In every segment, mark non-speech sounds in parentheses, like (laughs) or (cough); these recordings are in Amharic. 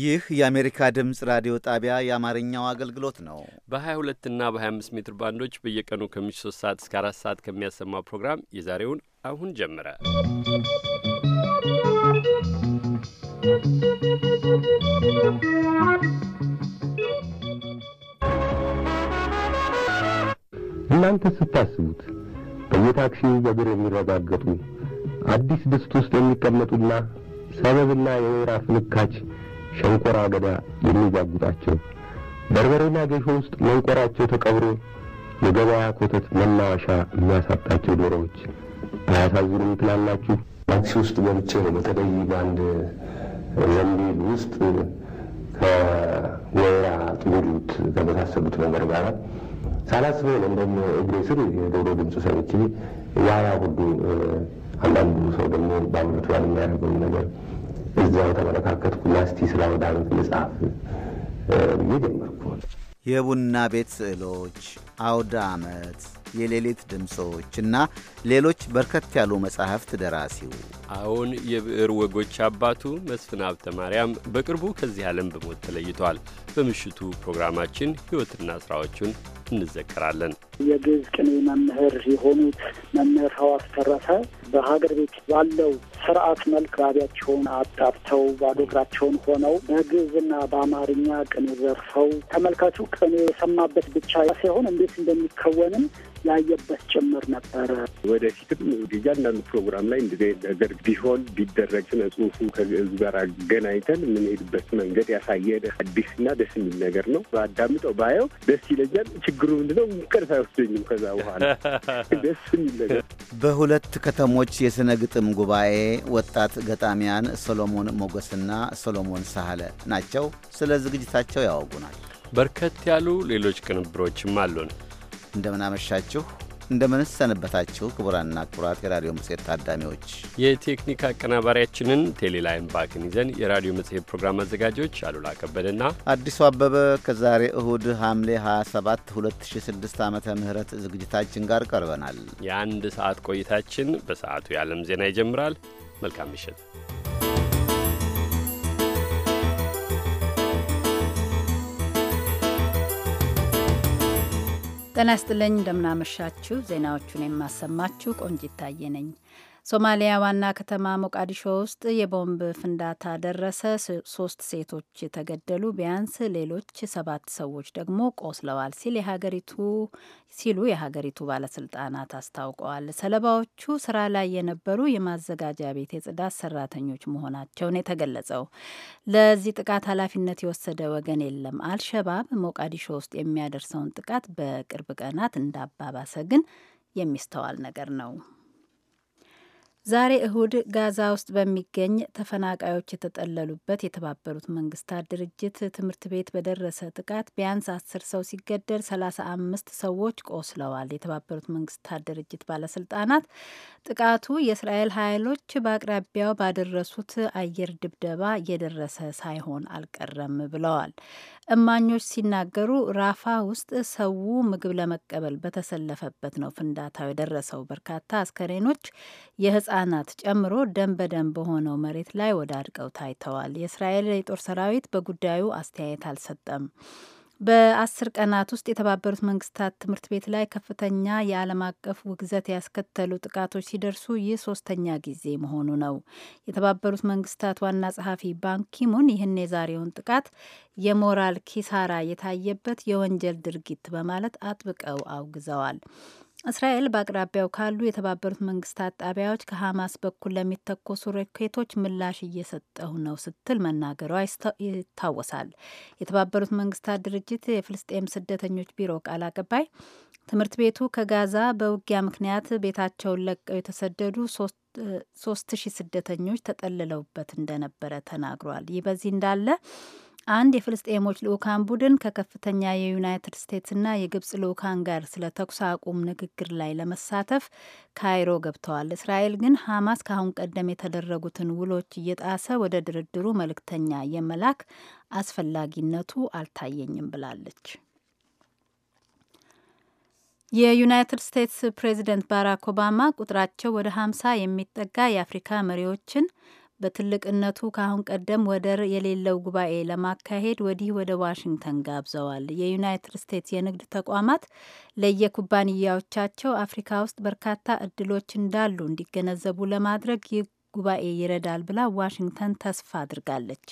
ይህ የአሜሪካ ድምፅ ራዲዮ ጣቢያ የአማርኛው አገልግሎት ነው። በ22 እና በ25 ሜትር ባንዶች በየቀኑ ከምሽቱ 3 ሰዓት እስከ 4 ሰዓት ከሚያሰማው ፕሮግራም የዛሬውን አሁን ጀመረ። እናንተ ስታስቡት በየታክሲው በእግር የሚረጋገጡ አዲስ ድስት ውስጥ የሚቀመጡና ሰበብና የወይራ ፍንካች ሸንኮራ አገዳ የሚጓጉጣቸው በርበሬና ገሾ ውስጥ መንቆራቸው ተቀብሮ የገበያ ኮተት መናወሻ የሚያሳጣቸው ዶሮዎች አያሳዝኑም ትላላችሁ? ታክሲ ውስጥ ገብቼ ነው በተለይ በአንድ ዘንቢል ውስጥ ከወይራ ጥሉት ከመሳሰሉት ነገር ጋር ሳላስበው ነው እንደውም እግሬ ስር የዶሮ ድምፅ ሰምቼ ዋያ ሁሉ አንዳንዱ ሰው ደግሞ በአምርቱ ላይ የሚያደርገው ነገር እዚያው ተመለካከትኩ ላስቲ ስለ አውደ ልጻፍ ብዬ ጀመርኩ። የቡና ቤት ስዕሎች፣ አውደ ዓመት፣ የሌሊት ድምፆች እና ሌሎች በርከት ያሉ መጻሕፍት ደራሲው አሁን የብዕር ወጎች አባቱ መስፍን ሀብተ ማርያም በቅርቡ ከዚህ ዓለም በሞት ተለይቷል። በምሽቱ ፕሮግራማችን ሕይወትና ሥራዎቹን እንዘከራለን። የግዕዝ ቅኔ መምህር የሆኑት መምህር ሐዋስ ተረፈ በሀገር ቤት ባለው ስርዓት መልክ ራቢያቸውን አጣብተው ባዶ እግራቸውን ሆነው በግዕዝና በአማርኛ ቅኔ ዘርፈው ተመልካቹ ቅኔ የሰማበት ብቻ ሳይሆን እንዴት እንደሚከወንም ያየበት ጭምር ነበረ። ወደፊትም እያንዳንዱ ፕሮግራም ላይ እንደዚህ ነገር ቢሆን ቢደረግ ስነ ጽሁፉ ከግዕዝ ጋር አገናኝተን የምንሄድበት መንገድ ያሳየ አዲስና ደስ የሚል ነገር ነው። አዳምጠው ባየው ደስ ይለኛል። ችግሩ ምንድነው? ቀርስ አይወስደኝም። ከዛ በኋላ (laughs) ደስ የሚል ነገር በሁለት ከተሞች የሥነ ግጥም ጉባኤ ወጣት ገጣሚያን ሰሎሞን ሞገስና ሰሎሞን ሳህለ ናቸው። ስለ ዝግጅታቸው ያወጉናል። በርከት ያሉ ሌሎች ቅንብሮችም አሉን። እንደምናመሻችሁ እንደምን ክቡራና ክቡራት የራዲዮ መጽሔት ታዳሚዎች። የቴክኒክ አቀናባሪያችንን ቴሌላይን ባክን ይዘን የራዲዮ መጽሔት ፕሮግራም አዘጋጆች አሉላ ከበደና አዲሱ አበበ ከዛሬ እሁድ ሐምሌ 27 2006 ዓ ም ዝግጅታችን ጋር ቀርበናል። የአንድ ሰዓት ቆይታችን በሰዓቱ የዓለም ዜና ይጀምራል። መልካም ምሽት። ጤና ይስጥልኝ። እንደምናመሻችሁ ዜናዎቹን የማሰማችሁ ቆንጂት ታየ ነኝ። ሶማሊያ ዋና ከተማ ሞቃዲሾ ውስጥ የቦምብ ፍንዳታ ደረሰ። ሶስት ሴቶች ተገደሉ፣ ቢያንስ ሌሎች ሰባት ሰዎች ደግሞ ቆስለዋል ሲል የሀገሪቱ ሲሉ የሀገሪቱ ባለስልጣናት አስታውቀዋል። ሰለባዎቹ ስራ ላይ የነበሩ የማዘጋጃ ቤት የጽዳት ሰራተኞች መሆናቸውን የተገለጸው ለዚህ ጥቃት ኃላፊነት የወሰደ ወገን የለም። አልሸባብ ሞቃዲሾ ውስጥ የሚያደርሰውን ጥቃት በቅርብ ቀናት እንዳባባሰ ግን የሚስተዋል ነገር ነው። ዛሬ እሁድ ጋዛ ውስጥ በሚገኝ ተፈናቃዮች የተጠለሉበት የተባበሩት መንግስታት ድርጅት ትምህርት ቤት በደረሰ ጥቃት ቢያንስ አስር ሰው ሲገደል ሰላሳ አምስት ሰዎች ቆስለዋል። የተባበሩት መንግስታት ድርጅት ባለስልጣናት ጥቃቱ የእስራኤል ኃይሎች በአቅራቢያው ባደረሱት አየር ድብደባ የደረሰ ሳይሆን አልቀረም ብለዋል። እማኞች ሲናገሩ ራፋ ውስጥ ሰው ምግብ ለመቀበል በተሰለፈበት ነው ፍንዳታው የደረሰው። በርካታ አስከሬኖች የህጻናት ጨምሮ ደም በደም በሆነው መሬት ላይ ወዳድቀው ታይተዋል። የእስራኤል የጦር ሰራዊት በጉዳዩ አስተያየት አልሰጠም። በአስር ቀናት ውስጥ የተባበሩት መንግስታት ትምህርት ቤት ላይ ከፍተኛ የዓለም አቀፍ ውግዘት ያስከተሉ ጥቃቶች ሲደርሱ ይህ ሶስተኛ ጊዜ መሆኑ ነው። የተባበሩት መንግስታት ዋና ጸሐፊ ባንኪሙን ይህን የዛሬውን ጥቃት የሞራል ኪሳራ የታየበት የወንጀል ድርጊት በማለት አጥብቀው አውግዘዋል። እስራኤል በአቅራቢያው ካሉ የተባበሩት መንግስታት ጣቢያዎች ከሀማስ በኩል ለሚተኮሱ ሮኬቶች ምላሽ እየሰጠሁ ነው ስትል መናገሯ ይታወሳል። የተባበሩት መንግስታት ድርጅት የፍልስጤም ስደተኞች ቢሮ ቃል አቀባይ ትምህርት ቤቱ ከጋዛ በውጊያ ምክንያት ቤታቸውን ለቀው የተሰደዱ ሶስት ሺህ ስደተኞች ተጠልለውበት እንደነበረ ተናግሯል። ይህ በዚህ እንዳለ አንድ የፍልስጤሞች ልኡካን ቡድን ከከፍተኛ የዩናይትድ ስቴትስና የግብጽ ልኡካን ጋር ስለ ተኩስ አቁም ንግግር ላይ ለመሳተፍ ካይሮ ገብተዋል። እስራኤል ግን ሀማስ ከአሁን ቀደም የተደረጉትን ውሎች እየጣሰ ወደ ድርድሩ መልእክተኛ የመላክ አስፈላጊነቱ አልታየኝም ብላለች። የዩናይትድ ስቴትስ ፕሬዚደንት ባራክ ኦባማ ቁጥራቸው ወደ ሀምሳ የሚጠጋ የአፍሪካ መሪዎችን በትልቅነቱ ከአሁን ቀደም ወደር የሌለው ጉባኤ ለማካሄድ ወዲህ ወደ ዋሽንግተን ጋብዘዋል። የዩናይትድ ስቴትስ የንግድ ተቋማት ለየኩባንያዎቻቸው አፍሪካ ውስጥ በርካታ እድሎች እንዳሉ እንዲገነዘቡ ለማድረግ ይህ ጉባኤ ይረዳል ብላ ዋሽንግተን ተስፋ አድርጋለች።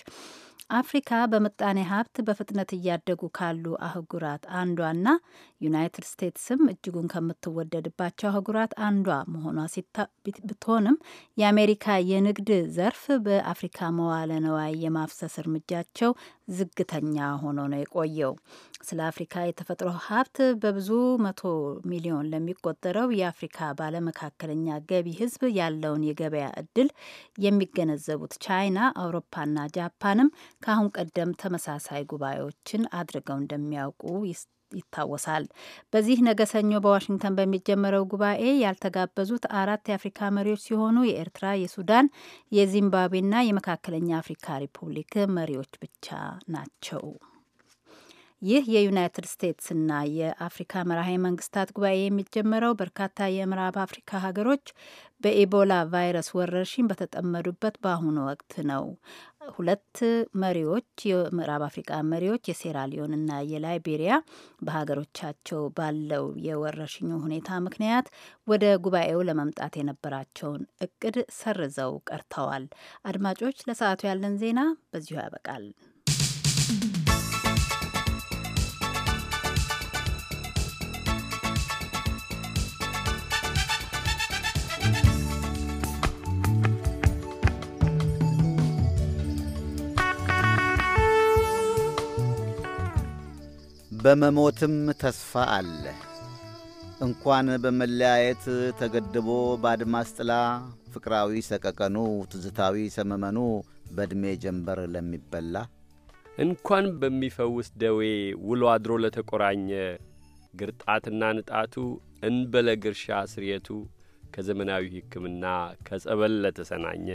አፍሪካ በምጣኔ ሀብት በፍጥነት እያደጉ ካሉ አህጉራት አንዷና ዩናይትድ ስቴትስም እጅጉን ከምትወደድባቸው አህጉራት አንዷ መሆኗ ብትሆንም የአሜሪካ የንግድ ዘርፍ በአፍሪካ መዋለ ነዋይ የማፍሰስ እርምጃቸው ዝግተኛ ሆኖ ነው የቆየው። ስለ አፍሪካ የተፈጥሮ ሀብት በብዙ መቶ ሚሊዮን ለሚቆጠረው የአፍሪካ ባለመካከለኛ ገቢ ህዝብ ያለውን የገበያ እድል የሚገነዘቡት ቻይና፣ አውሮፓና ጃፓንም ከአሁን ቀደም ተመሳሳይ ጉባኤዎችን አድርገው እንደሚያውቁ ይታወሳል። በዚህ ነገ ሰኞ በዋሽንግተን በሚጀመረው ጉባኤ ያልተጋበዙት አራት የአፍሪካ መሪዎች ሲሆኑ የኤርትራ፣ የሱዳን፣ የዚምባብዌና የመካከለኛ አፍሪካ ሪፑብሊክ መሪዎች ብቻ ናቸው። ይህ የዩናይትድ ስቴትስና የአፍሪካ መራሄ መንግስታት ጉባኤ የሚጀመረው በርካታ የምዕራብ አፍሪካ ሀገሮች በኢቦላ ቫይረስ ወረርሽኝ በተጠመዱበት በአሁኑ ወቅት ነው። ሁለት መሪዎች የምዕራብ አፍሪካ መሪዎች የሴራሊዮንና የላይቤሪያ በሀገሮቻቸው ባለው የወረርሽኙ ሁኔታ ምክንያት ወደ ጉባኤው ለመምጣት የነበራቸውን እቅድ ሰርዘው ቀርተዋል። አድማጮች፣ ለሰዓቱ ያለን ዜና በዚሁ ያበቃል። በመሞትም ተስፋ አለ። እንኳን በመለያየት ተገድቦ በአድማስ ጥላ ፍቅራዊ ሰቀቀኑ ትዝታዊ ሰመመኑ በዕድሜ ጀንበር ለሚበላ እንኳን በሚፈውስ ደዌ ውሎ አድሮ ለተቆራኘ ግርጣትና ንጣቱ እንበለ ግርሻ ስርየቱ ከዘመናዊ ሕክምና ከጸበል ለተሰናኘ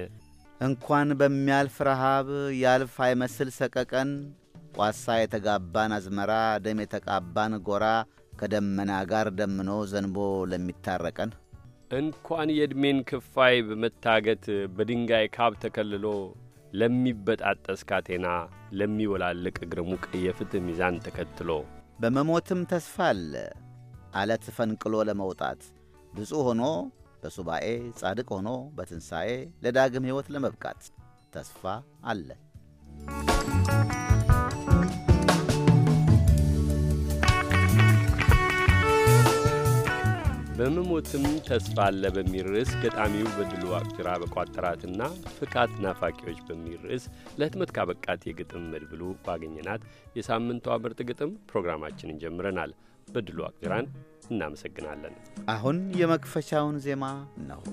እንኳን በሚያልፍ ረሃብ ያልፍ አይመስል ሰቀቀን ቋሳ የተጋባን አዝመራ፣ ደም የተቃባን ጎራ ከደመና ጋር ደምኖ ዘንቦ ለሚታረቀን እንኳን የዕድሜን ክፋይ በመታገት በድንጋይ ካብ ተከልሎ ለሚበጣጠስ ካቴና ለሚወላልቅ እግር ሙቅ ሚዛን ተከትሎ በመሞትም ተስፋ አለ አለት ፈንቅሎ ለመውጣት ብፁዕ ሆኖ በሱባኤ ጻድቅ ሆኖ በትንሣኤ ለዳግም ሕይወት ለመብቃት ተስፋ አለ። በመሞትም ተስፋ አለ በሚል ርዕስ ገጣሚው በድሉ አቅጅራ በቋጠራትና ፍካት ናፋቂዎች በሚል ርዕስ ለህትመት ካበቃት የግጥም መድብሉ ባገኘናት የሳምንቷ ምርጥ ግጥም ፕሮግራማችንን ጀምረናል። በድሉ አቅጅራን እናመሰግናለን። አሁን የመክፈቻውን ዜማ ነው።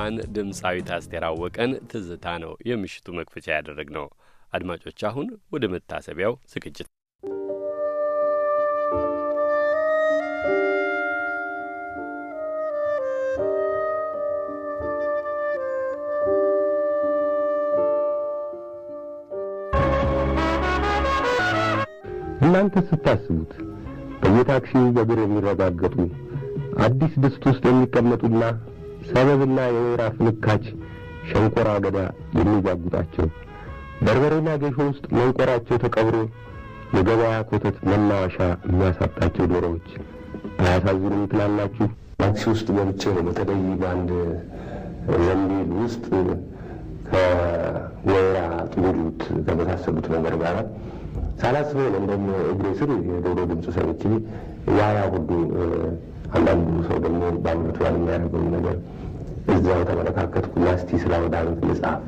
ድምፃን ድምፃዊት አስቴር አወቀን ትዝታ ነው የምሽቱ መክፈቻ ያደረግ ነው። አድማጮች አሁን ወደ መታሰቢያው ዝግጅት እናንተ ስታስቡት በየታክሲው በእግር የሚረጋገጡ አዲስ ድስት ውስጥ የሚቀመጡና ሰበብና የወይራ ፍንካች ሸንኮራ አገዳ የሚጓጉጣቸው በርበሬና ገሾ ውስጥ መንቆራቸው ተቀብሮ የገበያ ኮተት መናዋሻ የሚያሳጣቸው ዶሮዎች አያሳዝኑም ትላላችሁ? ታክሲ ውስጥ ገብቼ ነው በተለይ በአንድ ዘንቢል ውስጥ ከወይራ ጥሉት ከመሳሰሉት ነገር ጋር ሳላስበው ነው እንደውም እግሬ ስር የዶሮ ድምፅ ሰምቼ ያያ ሁሉ አንዳንዱ ሰው ደግሞ ያለ ያለሚያደርገውን ነገር እዚያው ተመለካከትኩ። ያስቲ ስለ አውደ ዓመት መጽሐፍ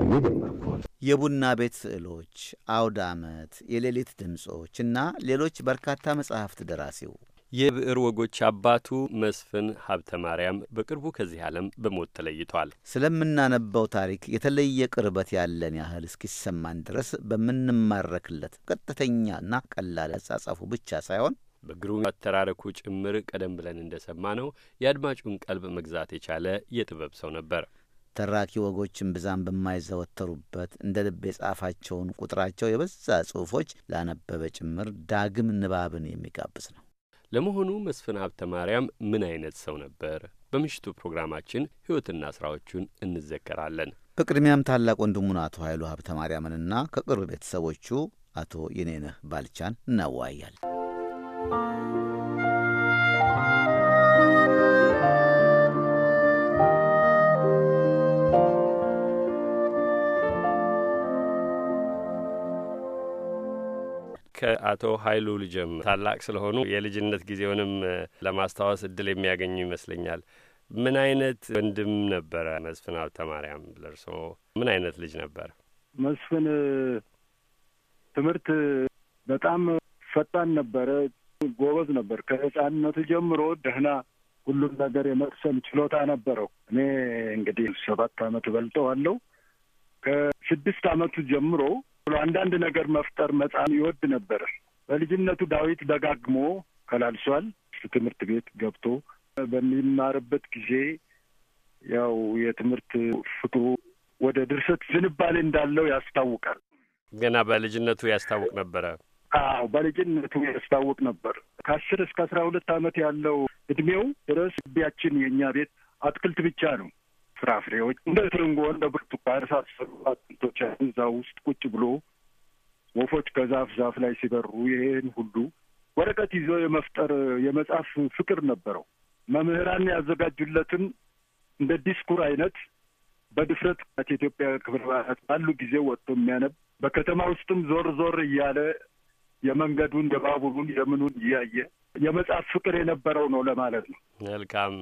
ብዬ ጀመርኩ። የቡና ቤት ስዕሎች፣ አውደ ዓመት፣ የሌሊት ድምፆች እና ሌሎች በርካታ መጽሐፍት ደራሲው የብዕር ወጎች አባቱ መስፍን ሀብተ ማርያም በቅርቡ ከዚህ ዓለም በሞት ተለይቷል። ስለምናነበው ታሪክ የተለየ ቅርበት ያለን ያህል እስኪሰማን ድረስ በምንማረክለት ቀጥተኛና ቀላል አጻጻፉ ብቻ ሳይሆን በግሩም አተራረኩ ጭምር ቀደም ብለን እንደ ሰማ ነው የአድማጩን ቀልብ መግዛት የቻለ የጥበብ ሰው ነበር። ተራኪ ወጎችን ብዛም በማይዘወተሩበት እንደ ልብ የጻፋቸውን ቁጥራቸው የበዛ ጽሑፎች ላነበበ ጭምር ዳግም ንባብን የሚጋብዝ ነው። ለመሆኑ መስፍን ሀብተ ማርያም ምን አይነት ሰው ነበር? በምሽቱ ፕሮግራማችን ሕይወትና ሥራዎቹን እንዘከራለን። በቅድሚያም ታላቅ ወንድሙን አቶ ኃይሉ ሀብተ ማርያምንና ከቅርብ ቤተሰቦቹ አቶ የኔነህ ባልቻን እናወያያለን። ከአቶ ሀይሉ ልጅም ታላቅ ስለሆኑ የልጅነት ጊዜውንም ለማስታወስ እድል የሚያገኙ ይመስለኛል። ምን አይነት ወንድም ነበረ መስፍን ሀብተ ማርያም? ምን አይነት ልጅ ነበር? መስፍን ትምህርት በጣም ፈጣን ነበረ። ጎበዝ ነበር። ከህፃንነቱ ጀምሮ ደህና ሁሉም ነገር የመቅሰም ችሎታ ነበረው። እኔ እንግዲህ ሰባት አመት በልጠዋለሁ። ከስድስት አመቱ ጀምሮ አንዳንድ ነገር መፍጠር መጻን ይወድ ነበረ። በልጅነቱ ዳዊት ደጋግሞ ከላልሷል። ትምህርት ቤት ገብቶ በሚማርበት ጊዜ ያው የትምህርት ፍቅሩ ወደ ድርሰት ዝንባሌ እንዳለው ያስታውቃል። ገና በልጅነቱ ያስታውቅ ነበረ። አዎ በልጅነቱ ያስታውቅ ነበር። ከአስር እስከ አስራ ሁለት አመት ያለው እድሜው ድረስ ግቢያችን የእኛ ቤት አትክልት ብቻ ነው። ፍራፍሬዎች እንደ ትርንጎ፣ እንደ ብርቱካን የመሳሰሉ አትክልቶች እዛ ውስጥ ቁጭ ብሎ ወፎች ከዛፍ ዛፍ ላይ ሲበሩ ይህን ሁሉ ወረቀት ይዞ የመፍጠር የመጻፍ ፍቅር ነበረው። መምህራን ያዘጋጁለትን እንደ ዲስኩር አይነት በድፍረት ከኢትዮጵያ ክብረ በዓላት ባሉ ጊዜ ወጥቶ የሚያነብ በከተማ ውስጥም ዞር ዞር እያለ የመንገዱን የባቡሩን የምኑን እያየ የመጽሐፍ ፍቅር የነበረው ነው ለማለት ነው። መልካም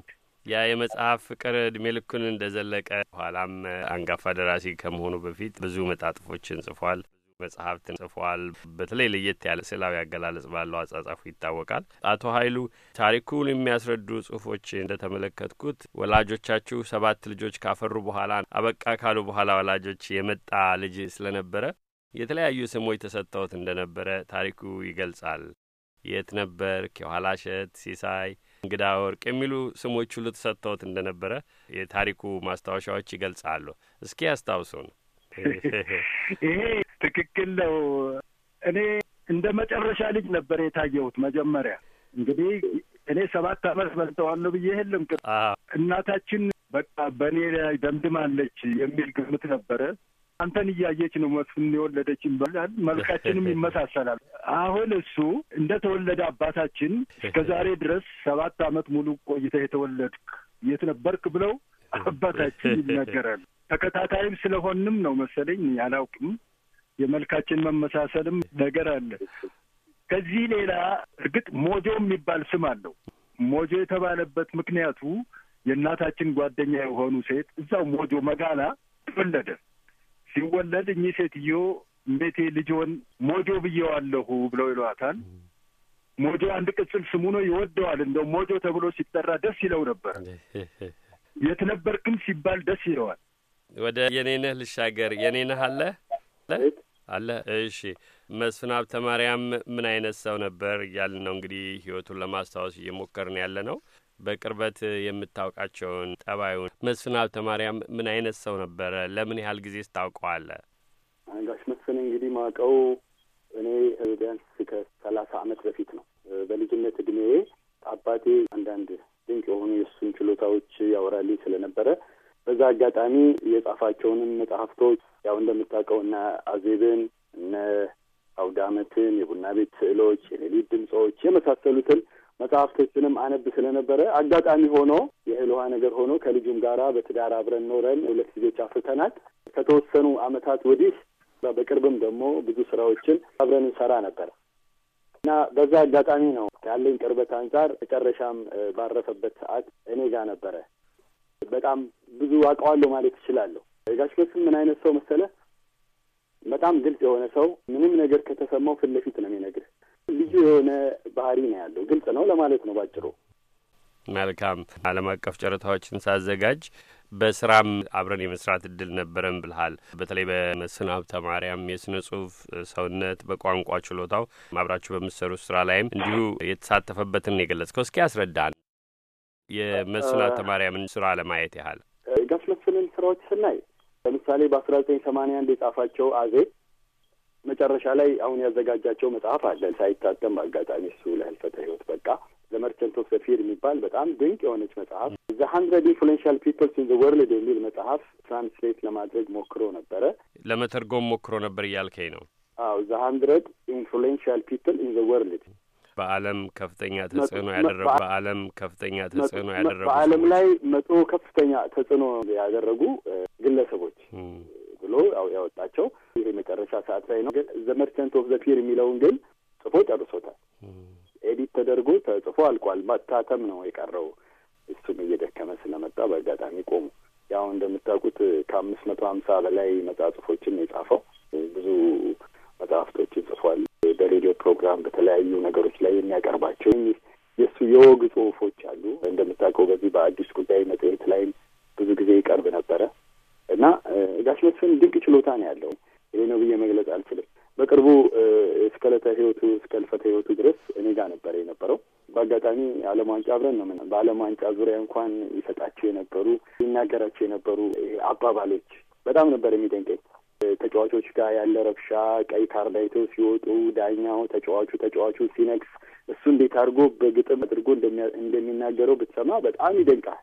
ያ የመጽሐፍ ፍቅር እድሜ ልኩን እንደዘለቀ ኋላም አንጋፋ ደራሲ ከመሆኑ በፊት ብዙ መጣጥፎችን ጽፏል፣ መጽሐፍትን ጽፏል። በተለይ ለየት ያለ ስዕላዊ አገላለጽ ባለው አጻጻፉ ይታወቃል። አቶ ኃይሉ ታሪኩን የሚያስረዱ ጽሁፎች እንደተመለከትኩት ወላጆቻችሁ ሰባት ልጆች ካፈሩ በኋላ አበቃ ካሉ በኋላ ወላጆች የመጣ ልጅ ስለነበረ የተለያዩ ስሞች ተሰጥተውት እንደነበረ ታሪኩ ይገልጻል። የት ነበር፣ የኋላ ሸት፣ ሲሳይ፣ እንግዳ ወርቅ የሚሉ ስሞች ሁሉ ተሰጥተውት እንደነበረ የታሪኩ ማስታወሻዎች ይገልጻሉ። እስኪ ያስታውሱን። (laughs) ይሄ ትክክል ነው። እኔ እንደ መጨረሻ ልጅ ነበር የታየሁት። መጀመሪያ እንግዲህ እኔ ሰባት ዓመት በልጠዋለሁ ብዬ ህልም እናታችን በቃ በእኔ ላይ ደምድማለች የሚል ግምት ነበረ። አንተን እያየች ነው መስፍን የወለደች ይባላል። መልካችንም (laughs) ይመሳሰላል። አሁን እሱ እንደተወለደ አባታችን እስከ ዛሬ ድረስ ሰባት አመት ሙሉ ቆይተህ የተወለድክ የት ነበርክ ብለው አባታችን ይነገራል። ተከታታይም ስለሆንም ነው መሰለኝ አላውቅም። የመልካችን መመሳሰልም ነገር አለ። ከዚህ ሌላ እርግጥ ሞጆ የሚባል ስም አለው። ሞጆ የተባለበት ምክንያቱ የእናታችን ጓደኛ የሆኑ ሴት እዛው ሞጆ መጋላ ተወለደ። ሲወለድ እኚህ ሴትዮ እንዴቴ ልጆን ሞጆ ብየዋለሁ ብለው ይሏታል። ሞጆ አንድ ቅጽል ስሙ ነው፣ ይወደዋል። እንደው ሞጆ ተብሎ ሲጠራ ደስ ይለው ነበር። (laughs) የት ነበር ግን ሲባል ደስ ይለዋል። ወደ የኔነህ ልሻገር። የኔነህ አለ አለ። እሺ መስፍን ሀብተ ማርያም ምን አይነት ሰው ነበር እያልን ነው እንግዲህ ህይወቱን ለማስታወስ እየሞከርን ያለ ነው። በቅርበት የምታውቃቸውን ጠባዩን መስፍን አልተማርያም ምን አይነት ሰው ነበረ? ለምን ያህል ጊዜ ስታውቀዋለ? አንጋሽ መስፍን እንግዲህ ማውቀው እኔ ቢያንስ ከሰላሳ አመት በፊት ነው። በልጅነት እድሜ አባቴ አንዳንድ ድንቅ የሆኑ የእሱን ችሎታዎች ያወራልኝ ስለነበረ በዛ አጋጣሚ የጻፋቸውንም መጽሐፍቶች ያው እንደምታውቀው እነ አዜብን እነ አውዳመትን አመትን፣ የቡና ቤት ስዕሎች፣ የሌሊት ድምፆች የመሳሰሉትን መጽሐፍቶችንም አነብ ስለነበረ አጋጣሚ ሆኖ የእህል ውሃ ነገር ሆኖ ከልጁም ጋራ በትዳር አብረን ኖረን ሁለት ልጆች አፍርተናል። ከተወሰኑ አመታት ወዲህ በቅርብም ደግሞ ብዙ ስራዎችን አብረን እንሰራ ነበር እና በዛ አጋጣሚ ነው ካለኝ ቅርበት አንጻር መጨረሻም ባረፈበት ሰዓት እኔ ጋር ነበረ። በጣም ብዙ አውቀዋለሁ ማለት እችላለሁ። ጋሽ ምን አይነት ሰው መሰለ? በጣም ግልጽ የሆነ ሰው፣ ምንም ነገር ከተሰማው ፊት ለፊት ነው የሚነግርህ ልዩ የሆነ ባህሪ ነው ያለው። ግልጽ ነው ለማለት ነው ባጭሩ። መልካም ዓለም አቀፍ ጨረታዎችን ሳዘጋጅ በስራም አብረን የመስራት እድል ነበረን ብልሃል። በተለይ በመስን ሀብተ ማርያም የስነ ጽሁፍ ሰውነት በቋንቋ ችሎታው አብራችሁ በምሰሩት ስራ ላይም እንዲሁ የተሳተፈበትን የገለጽከው እስኪ ያስረዳን የመስን ሀብተ ማርያምን ስራ ለማየት ያህል ጋሽ መስፍንን ስራዎች ስናይ ለምሳሌ በአስራ ዘጠኝ ሰማንያ አንድ የጻፋቸው አዜብ መጨረሻ ላይ አሁን ያዘጋጃቸው መጽሐፍ አለ ሳይታተም አጋጣሚ እሱ ለህልፈተ ህይወት በቃ ዘመርቸንት ኦፍ ሰፊር የሚባል በጣም ድንቅ የሆነች መጽሐፍ ዘ ሀንድረድ ኢንፍሉዌንሻል ፒፕልስ ኢን ዘ ወርልድ የሚል መጽሐፍ ትራንስሌት ለማድረግ ሞክሮ ነበረ፣ ለመተርጎም ሞክሮ ነበር እያልከኝ ነው? አዎ ዘ ሀንድረድ ኢንፍሉዌንሻል ፒፕል ኢን ዘ ወርልድ በዓለም ከፍተኛ ተጽዕኖ ያደረጉ በዓለም ከፍተኛ ተጽዕኖ ያደረጉ በዓለም ላይ መቶ ከፍተኛ ተጽዕኖ ያደረጉ ግለሰቦች ብሎ ያወጣቸው ይሄ መጨረሻ ሰዓት ላይ ነው። ግን ዘ መርቸንት ኦፍ ዘ የሚለውን ግን ጽፎ ጨርሶታል። ኤዲት ተደርጎ ተጽፎ አልቋል። ማታተም ነው የቀረው። እሱም እየደከመ ስለመጣ በአጋጣሚ ቆሙ። ያው እንደምታውቁት ከአምስት መቶ ሀምሳ በላይ መጽሐፎችን የጻፈው ብዙ መጽሐፍቶችን ጽፏል። በሬዲዮ ፕሮግራም፣ በተለያዩ ነገሮች ላይ የሚያቀርባቸው የእሱ የወግ ጽሁፎች አሉ። እንደምታውቀው በዚህ በአዲስ ጉዳይ መጽሔት ላይም ብዙ ጊዜ ይቀርብ ነበረ። እና ጋሽ መስፍን ድንቅ ችሎታ ነው ያለው። ይሄ ነው ብዬ መግለጽ አልችልም። በቅርቡ እስከ ዕለተ ህይወቱ እስከ ህይወቱ ድረስ እኔ ጋር የነበረው። በአጋጣሚ ዓለም ዋንጫ አብረን ነው በዓለም ዋንጫ ዙሪያ እንኳን ይሰጣቸው የነበሩ ይናገራቸው የነበሩ አባባሎች በጣም ነበር የሚደንቀኝ። ተጫዋቾች ጋር ያለ ረብሻ፣ ቀይ ካርድ አይተው ሲወጡ ዳኛው ተጫዋቹ ተጫዋቹ ሲነግስ እሱ እንዴት አድርጎ በግጥም አድርጎ እንደሚናገረው ብትሰማ በጣም ይደንቃል።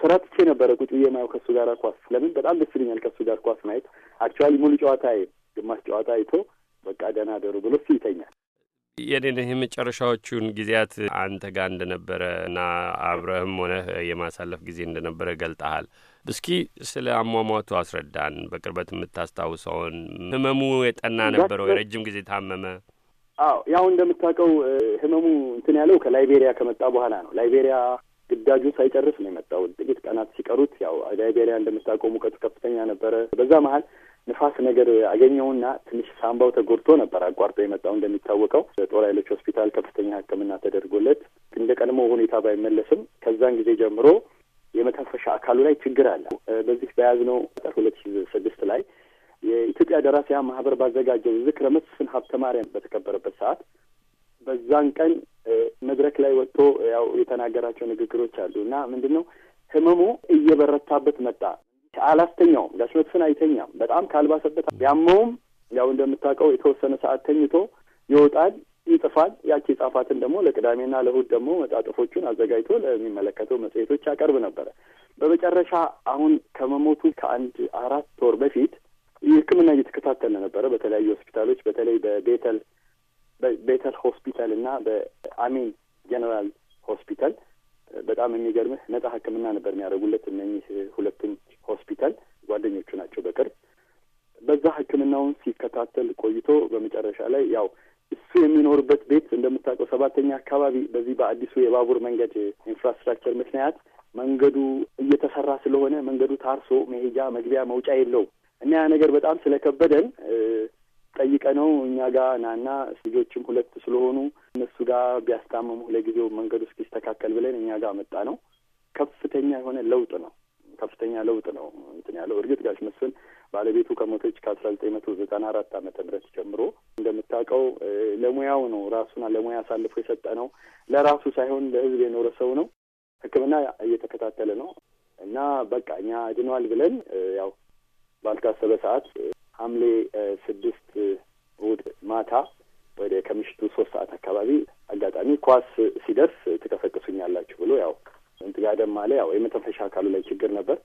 ስራ ትቼ ነበረ ቁጭ ብዬ ማየው ከሱ ጋር ኳስ። ለምን በጣም ደስ ይለኛል ከሱ ጋር ኳስ ማየት። አክቹዋሊ ሙሉ ጨዋታ ግማሽ ጨዋታ አይቶ በቃ ደህና ደሩ ብሎ እሱ ይተኛል። የኔንህ የመጨረሻዎቹን ጊዜያት አንተ ጋር እንደነበረ እና አብረህም ሆነህ የማሳለፍ ጊዜ እንደነበረ ገልጠሃል። እስኪ ስለ አሟሟቱ አስረዳን በቅርበት የምታስታውሰውን። ህመሙ የጠና ነበረው? የረጅም ጊዜ ታመመ? አዎ ያው እንደምታውቀው ህመሙ እንትን ያለው ከላይቤሪያ ከመጣ በኋላ ነው። ላይቤሪያ ግዳጁን ሳይጨርስ ነው የመጣው። ጥቂት ቀናት ሲቀሩት ያው ላይቤሪያ እንደምታውቀው ሙቀቱ ከፍተኛ ነበረ። በዛ መሀል ንፋስ ነገር አገኘውና ትንሽ ሳምባው ተጎድቶ ነበር አቋርጦ የመጣው። እንደሚታወቀው ጦር ኃይሎች ሆስፒታል ከፍተኛ ሕክምና ተደርጎለት እንደ ቀድሞ ሁኔታ ባይመለስም ከዛን ጊዜ ጀምሮ የመተንፈሻ አካሉ ላይ ችግር አለ። በዚህ በያዝነው ጠር ሁለት ሺ ስድስት ላይ የኢትዮጵያ ደራሲያ ማህበር ባዘጋጀው ዝክረ መስፍን ሀብተ ማርያም በተከበረበት ሰዓት በዛን ቀን መድረክ ላይ ወጥቶ ያው የተናገራቸው ንግግሮች አሉ እና ምንድን ነው ህመሙ እየበረታበት መጣ። አላስተኛውም። ጋሽ መድፍን አይተኛም። በጣም ካልባሰበት ያመውም ያው እንደምታውቀው የተወሰነ ሰዓት ተኝቶ ይወጣል፣ ይጽፋል። ያቺ ጻፋትን ደግሞ ለቅዳሜና ለእሑድ ደግሞ መጣጥፎቹን አዘጋጅቶ ለሚመለከተው መጽሔቶች ያቀርብ ነበረ። በመጨረሻ አሁን ከመሞቱ ከአንድ አራት ወር በፊት የህክምና እየተከታተለ ነበረ በተለያዩ ሆስፒታሎች በተለይ በቤተል በቤተል ሆስፒታል እና በአሚን ጀነራል ሆስፒታል በጣም የሚገርምህ ነጻ ሕክምና ነበር የሚያደርጉለት። እነህ ሁለቱም ሆስፒታል ጓደኞቹ ናቸው በቅርብ በዛ ሕክምናውን ሲከታተል ቆይቶ በመጨረሻ ላይ ያው እሱ የሚኖርበት ቤት እንደምታውቀው ሰባተኛ አካባቢ በዚህ በአዲሱ የባቡር መንገድ ኢንፍራስትራክቸር ምክንያት መንገዱ እየተሰራ ስለሆነ መንገዱ ታርሶ መሄጃ መግቢያ መውጫ የለውም እና ያ ነገር በጣም ስለከበደን ጠይቀ ነው እኛ ጋር ናና ልጆችም ሁለት ስለሆኑ እነሱ ጋር ቢያስታመሙ ለጊዜው መንገዱ እስኪስተካከል ብለን እኛ ጋር መጣ ነው። ከፍተኛ የሆነ ለውጥ ነው። ከፍተኛ ለውጥ ነው እንትን ያለው እርግጥ ጋሽ መስፍን ባለቤቱ ከሞተች ከአስራ ዘጠኝ መቶ ዘጠና አራት ዓመተ ምህረት ጀምሮ እንደምታውቀው ለሙያው ነው ራሱን ለሙያ አሳልፎ የሰጠ ነው። ለራሱ ሳይሆን ለሕዝብ የኖረ ሰው ነው። ሕክምና እየተከታተለ ነው እና በቃ እኛ ድኗል ብለን ያው ባልታሰበ ሰዓት ሐምሌ ስድስት እሑድ ማታ ወደ ከምሽቱ ሶስት ሰዓት አካባቢ አጋጣሚ ኳስ ሲደርስ ትቀሰቅሱኛላችሁ ብሎ ያው እንትጋደም አለ። ያው የመተንፈሻ አካሉ ላይ ችግር ነበር።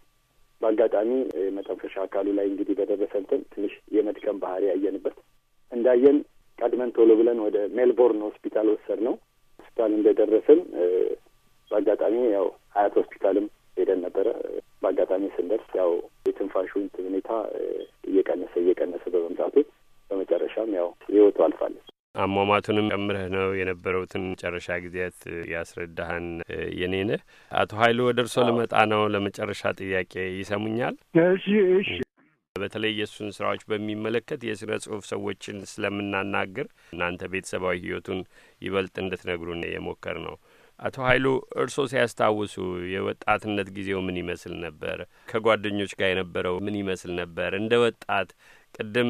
በአጋጣሚ የመተንፈሻ አካሉ ላይ እንግዲህ በደረሰ እንትን ትንሽ የመድከም ባህሪ ያየንበት እንዳየን ቀድመን ቶሎ ብለን ወደ ሜልቦርን ሆስፒታል ወሰድ ነው። ሆስፒታል እንደደረስን በአጋጣሚ ያው ሀያት ሆስፒታልም ሄደን ነበረ። በአጋጣሚ ስንደርስ ያው የትንፋሹ ሁኔታ እየቀነሰ እየቀነሰ በመምጣቱ በመጨረሻም ያው ህይወቱ አልፋለች። አሟሟቱንም ጨምረህ ነው የነበረውትን መጨረሻ ጊዜያት ያስረዳህን የኔ ነህ። አቶ ሀይሉ ወደ እርሶ ልመጣ ነው። ለመጨረሻ ጥያቄ ይሰሙኛል? እሺ፣ እሺ። በተለይ የእሱን ስራዎች በሚመለከት የስነ ጽሁፍ ሰዎችን ስለምናናግር እናንተ ቤተሰባዊ ህይወቱን ይበልጥ እንድትነግሩን የሞከር ነው አቶ ኃይሉ እርስዎ ሲያስታውሱ የወጣትነት ጊዜው ምን ይመስል ነበር? ከጓደኞች ጋር የነበረው ምን ይመስል ነበር? እንደ ወጣት ቅድም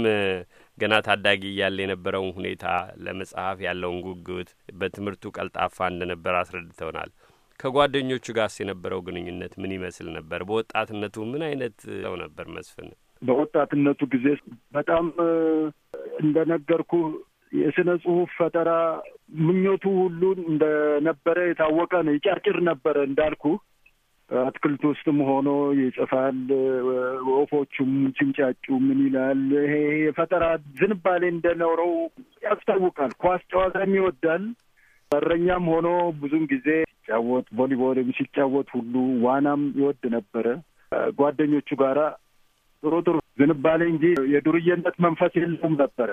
ገና ታዳጊ እያለ የነበረውን ሁኔታ ለመጽሐፍ ያለውን ጉጉት፣ በትምህርቱ ቀልጣፋ እንደነበር አስረድተውናል። ከጓደኞቹ ጋርስ የነበረው ግንኙነት ምን ይመስል ነበር? በወጣትነቱ ምን አይነት ሰው ነበር መስፍን? በወጣትነቱ ጊዜ በጣም እንደነገርኩ የስነ ጽሁፍ ፈጠራ ምኞቱ ሁሉ እንደነበረ የታወቀ ነው። ይጫጭር ነበረ እንዳልኩ አትክልት ውስጥም ሆኖ ይጽፋል። ወፎቹም ሲንጫጩ ምን ይላል? ይሄ የፈጠራ ዝንባሌ እንደኖረው ያስታውቃል። ኳስ ጨዋታም ይወዳል። በረኛም ሆኖ ብዙን ጊዜ ሲጫወት፣ ቮሊቦልም ሲጫወት ሁሉ ዋናም ይወድ ነበረ ጓደኞቹ ጋራ ጥሩ ጥሩ ዝንባሌ እንጂ የዱርዬነት መንፈስ የለውም ነበረ።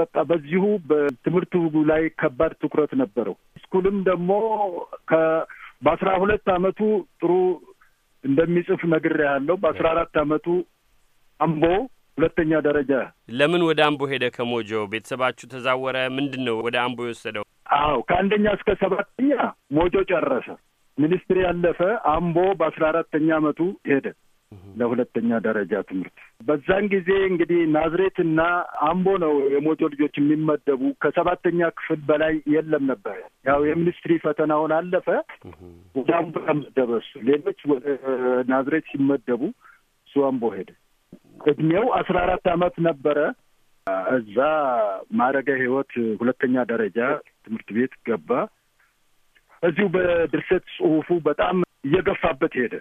በቃ በዚሁ በትምህርቱ ላይ ከባድ ትኩረት ነበረው። ስኩልም ደግሞ በአስራ ሁለት አመቱ ጥሩ እንደሚጽፍ ያለው በአስራ አራት አመቱ አምቦ ሁለተኛ ደረጃ። ለምን ወደ አምቦ ሄደ? ከሞጆ ቤተሰባችሁ ተዛወረ? ምንድን ነው ወደ አምቦ የወሰደው? አዎ ከአንደኛ እስከ ሰባተኛ ሞጆ ጨረሰ። ሚኒስትሪ ያለፈ አምቦ በአስራ አራተኛ አመቱ ሄደ። ለሁለተኛ ደረጃ ትምህርት። በዛን ጊዜ እንግዲህ ናዝሬት እና አምቦ ነው የሞጆ ልጆች የሚመደቡ። ከሰባተኛ ክፍል በላይ የለም ነበር። ያው የሚኒስትሪ ፈተናውን አለፈ፣ ወደ አምቦ ተመደበ እሱ። ሌሎች ወደ ናዝሬት ሲመደቡ እሱ አምቦ ሄደ። እድሜው አስራ አራት አመት ነበረ። እዛ ማረገ ህይወት ሁለተኛ ደረጃ ትምህርት ቤት ገባ። እዚሁ በድርሰት ጽሁፉ በጣም እየገፋበት ሄደ።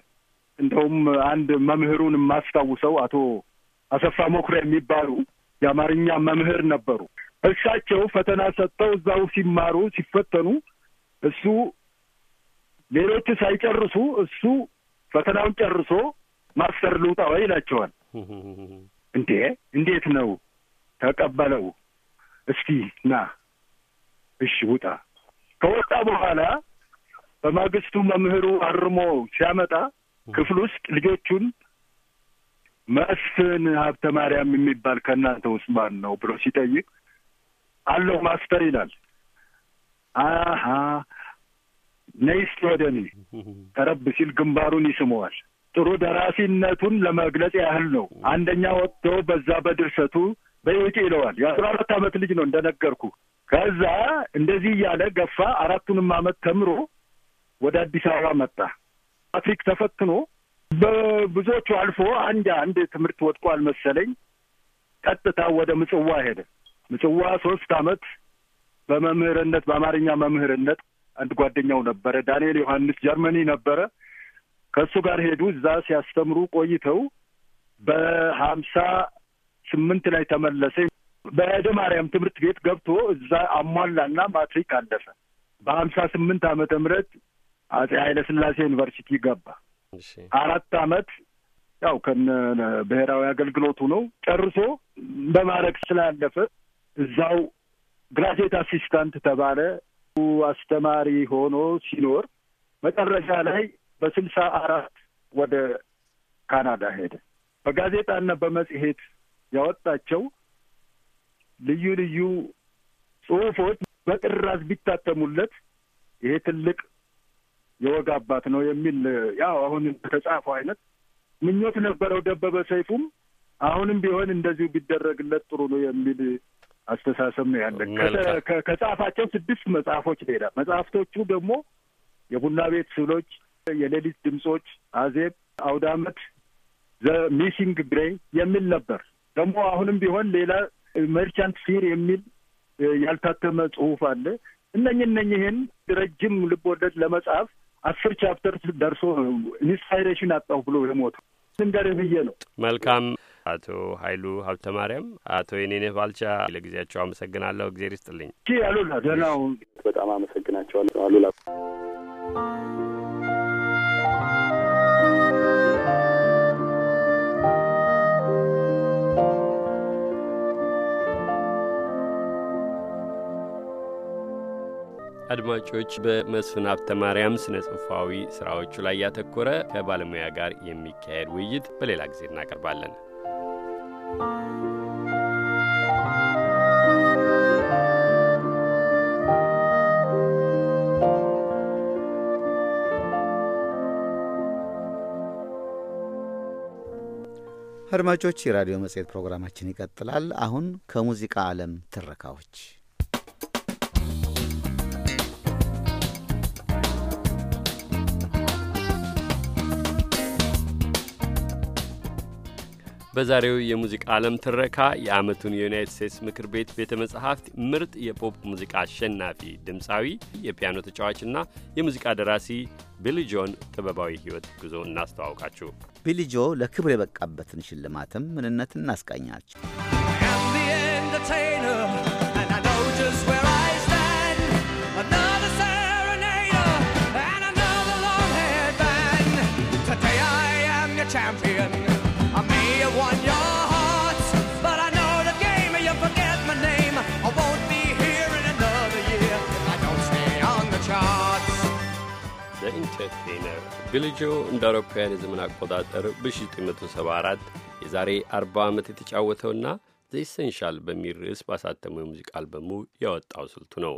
እንደውም አንድ መምህሩን የማስታውሰው አቶ አሰፋ መኩሪያ የሚባሉ የአማርኛ መምህር ነበሩ። እሳቸው ፈተና ሰጥተው እዛው ሲማሩ ሲፈተኑ እሱ ሌሎቹ ሳይጨርሱ እሱ ፈተናውን ጨርሶ ማስተር ልውጣ ወይ ይላቸዋል። እንዴ እንዴት ነው ተቀበለው፣ እስቲ ና፣ እሺ ውጣ። ከወጣ በኋላ በማግስቱ መምህሩ አርሞ ሲያመጣ ክፍል ውስጥ ልጆቹን መስፍን ሀብተ ማርያም የሚባል ከእናንተ ውስጥ ማን ነው ብሎ ሲጠይቅ አለው ማስተር ይላል። አሀ ነይ ወደ እኔ ቀረብ ሲል ግንባሩን ይስመዋል። ጥሩ ደራሲነቱን ለመግለጽ ያህል ነው። አንደኛ ወጥቶ በዛ በድርሰቱ በይውጭ ይለዋል። የአስራ አራት ዓመት ልጅ ነው እንደነገርኩ። ከዛ እንደዚህ እያለ ገፋ አራቱንም ዓመት ተምሮ ወደ አዲስ አበባ መጣ። ትራፊክ ተፈትኖ በብዙዎቹ አልፎ አንድ አንድ ትምህርት ወጥቋል መሰለኝ። ቀጥታ ወደ ምጽዋ ሄደ። ምጽዋ ሶስት አመት በመምህርነት በአማርኛ መምህርነት አንድ ጓደኛው ነበረ፣ ዳንኤል ዮሐንስ ጀርመኒ ነበረ። ከእሱ ጋር ሄዱ። እዛ ሲያስተምሩ ቆይተው በሀምሳ ስምንት ላይ ተመለሰ። በያደ ማርያም ትምህርት ቤት ገብቶ እዛ አሟላና ማትሪክ አለፈ። በሀምሳ ስምንት አመተ ምህረት አጼ ኃይለ ስላሴ ዩኒቨርሲቲ ገባ። አራት አመት ያው ከነ ብሔራዊ አገልግሎቱ ነው ጨርሶ በማድረግ ስላለፈ እዛው ግራጁዌት አሲስታንት ተባለ። አስተማሪ ሆኖ ሲኖር መጨረሻ ላይ በስልሳ አራት ወደ ካናዳ ሄደ። በጋዜጣና በመጽሔት ያወጣቸው ልዩ ልዩ ጽሁፎች በጥራዝ ቢታተሙለት ይሄ ትልቅ የወግ አባት ነው የሚል ያው አሁን ተጻፈው አይነት ምኞት ነበረው ደበበ ሰይፉም አሁንም ቢሆን እንደዚሁ ቢደረግለት ጥሩ ነው የሚል አስተሳሰብ ነው ያለን። ከጻፋቸው ስድስት መጽሐፎች ሌላ መጽሐፍቶቹ ደግሞ የቡና ቤት ስዕሎች፣ የሌሊት ድምፆች፣ አዜብ፣ አውዳመት፣ ዘ ሚሲንግ ብሬ የሚል ነበር። ደግሞ አሁንም ቢሆን ሌላ መርቻንት ፊር የሚል ያልታተመ ጽሁፍ አለ። እነኝ እነኝህን ረጅም ልብ ወለድ ለመጽሐፍ አስር ቻፕተር ደርሶ ኢንስፓይሬሽን አጣሁ ብሎ የሞቱ ስንገር ብዬ ነው። መልካም አቶ ሀይሉ ሀብተ ማርያም፣ አቶ የኔነ ባልቻ ለጊዜያቸው አመሰግናለሁ። እግዜር ይስጥልኝ። አሉላ ደህና ሁን። በጣም አመሰግናቸዋለሁ አሉላ አድማጮች በመስፍን ሀብተ ማርያም ስነ ጽሑፋዊ ስራዎቹ ላይ ያተኮረ ከባለሙያ ጋር የሚካሄድ ውይይት በሌላ ጊዜ እናቀርባለን። አድማጮች፣ የራዲዮ መጽሔት ፕሮግራማችን ይቀጥላል። አሁን ከሙዚቃ ዓለም ትረካዎች በዛሬው የሙዚቃ ዓለም ትረካ የዓመቱን የዩናይት ስቴትስ ምክር ቤት ቤተ መጻሕፍት ምርጥ የፖፕ ሙዚቃ አሸናፊ ድምፃዊ፣ የፒያኖ ተጫዋችና የሙዚቃ ደራሲ ቢልጆን ጥበባዊ ሕይወት ጉዞ እናስተዋውቃችሁ። ቢልጆ ለክብር የበቃበትን ሽልማትም ምንነት እናስቃኛቸው። ከቴነር ቢልጆ እንደ አውሮፓውያን የዘመን አቆጣጠር በ1974 የዛሬ 40 ዓመት የተጫወተውና ዘ ኢሰንሻል በሚል ርዕስ ባሳተመው የሙዚቃ አልበሙ ያወጣው ስልቱ ነው።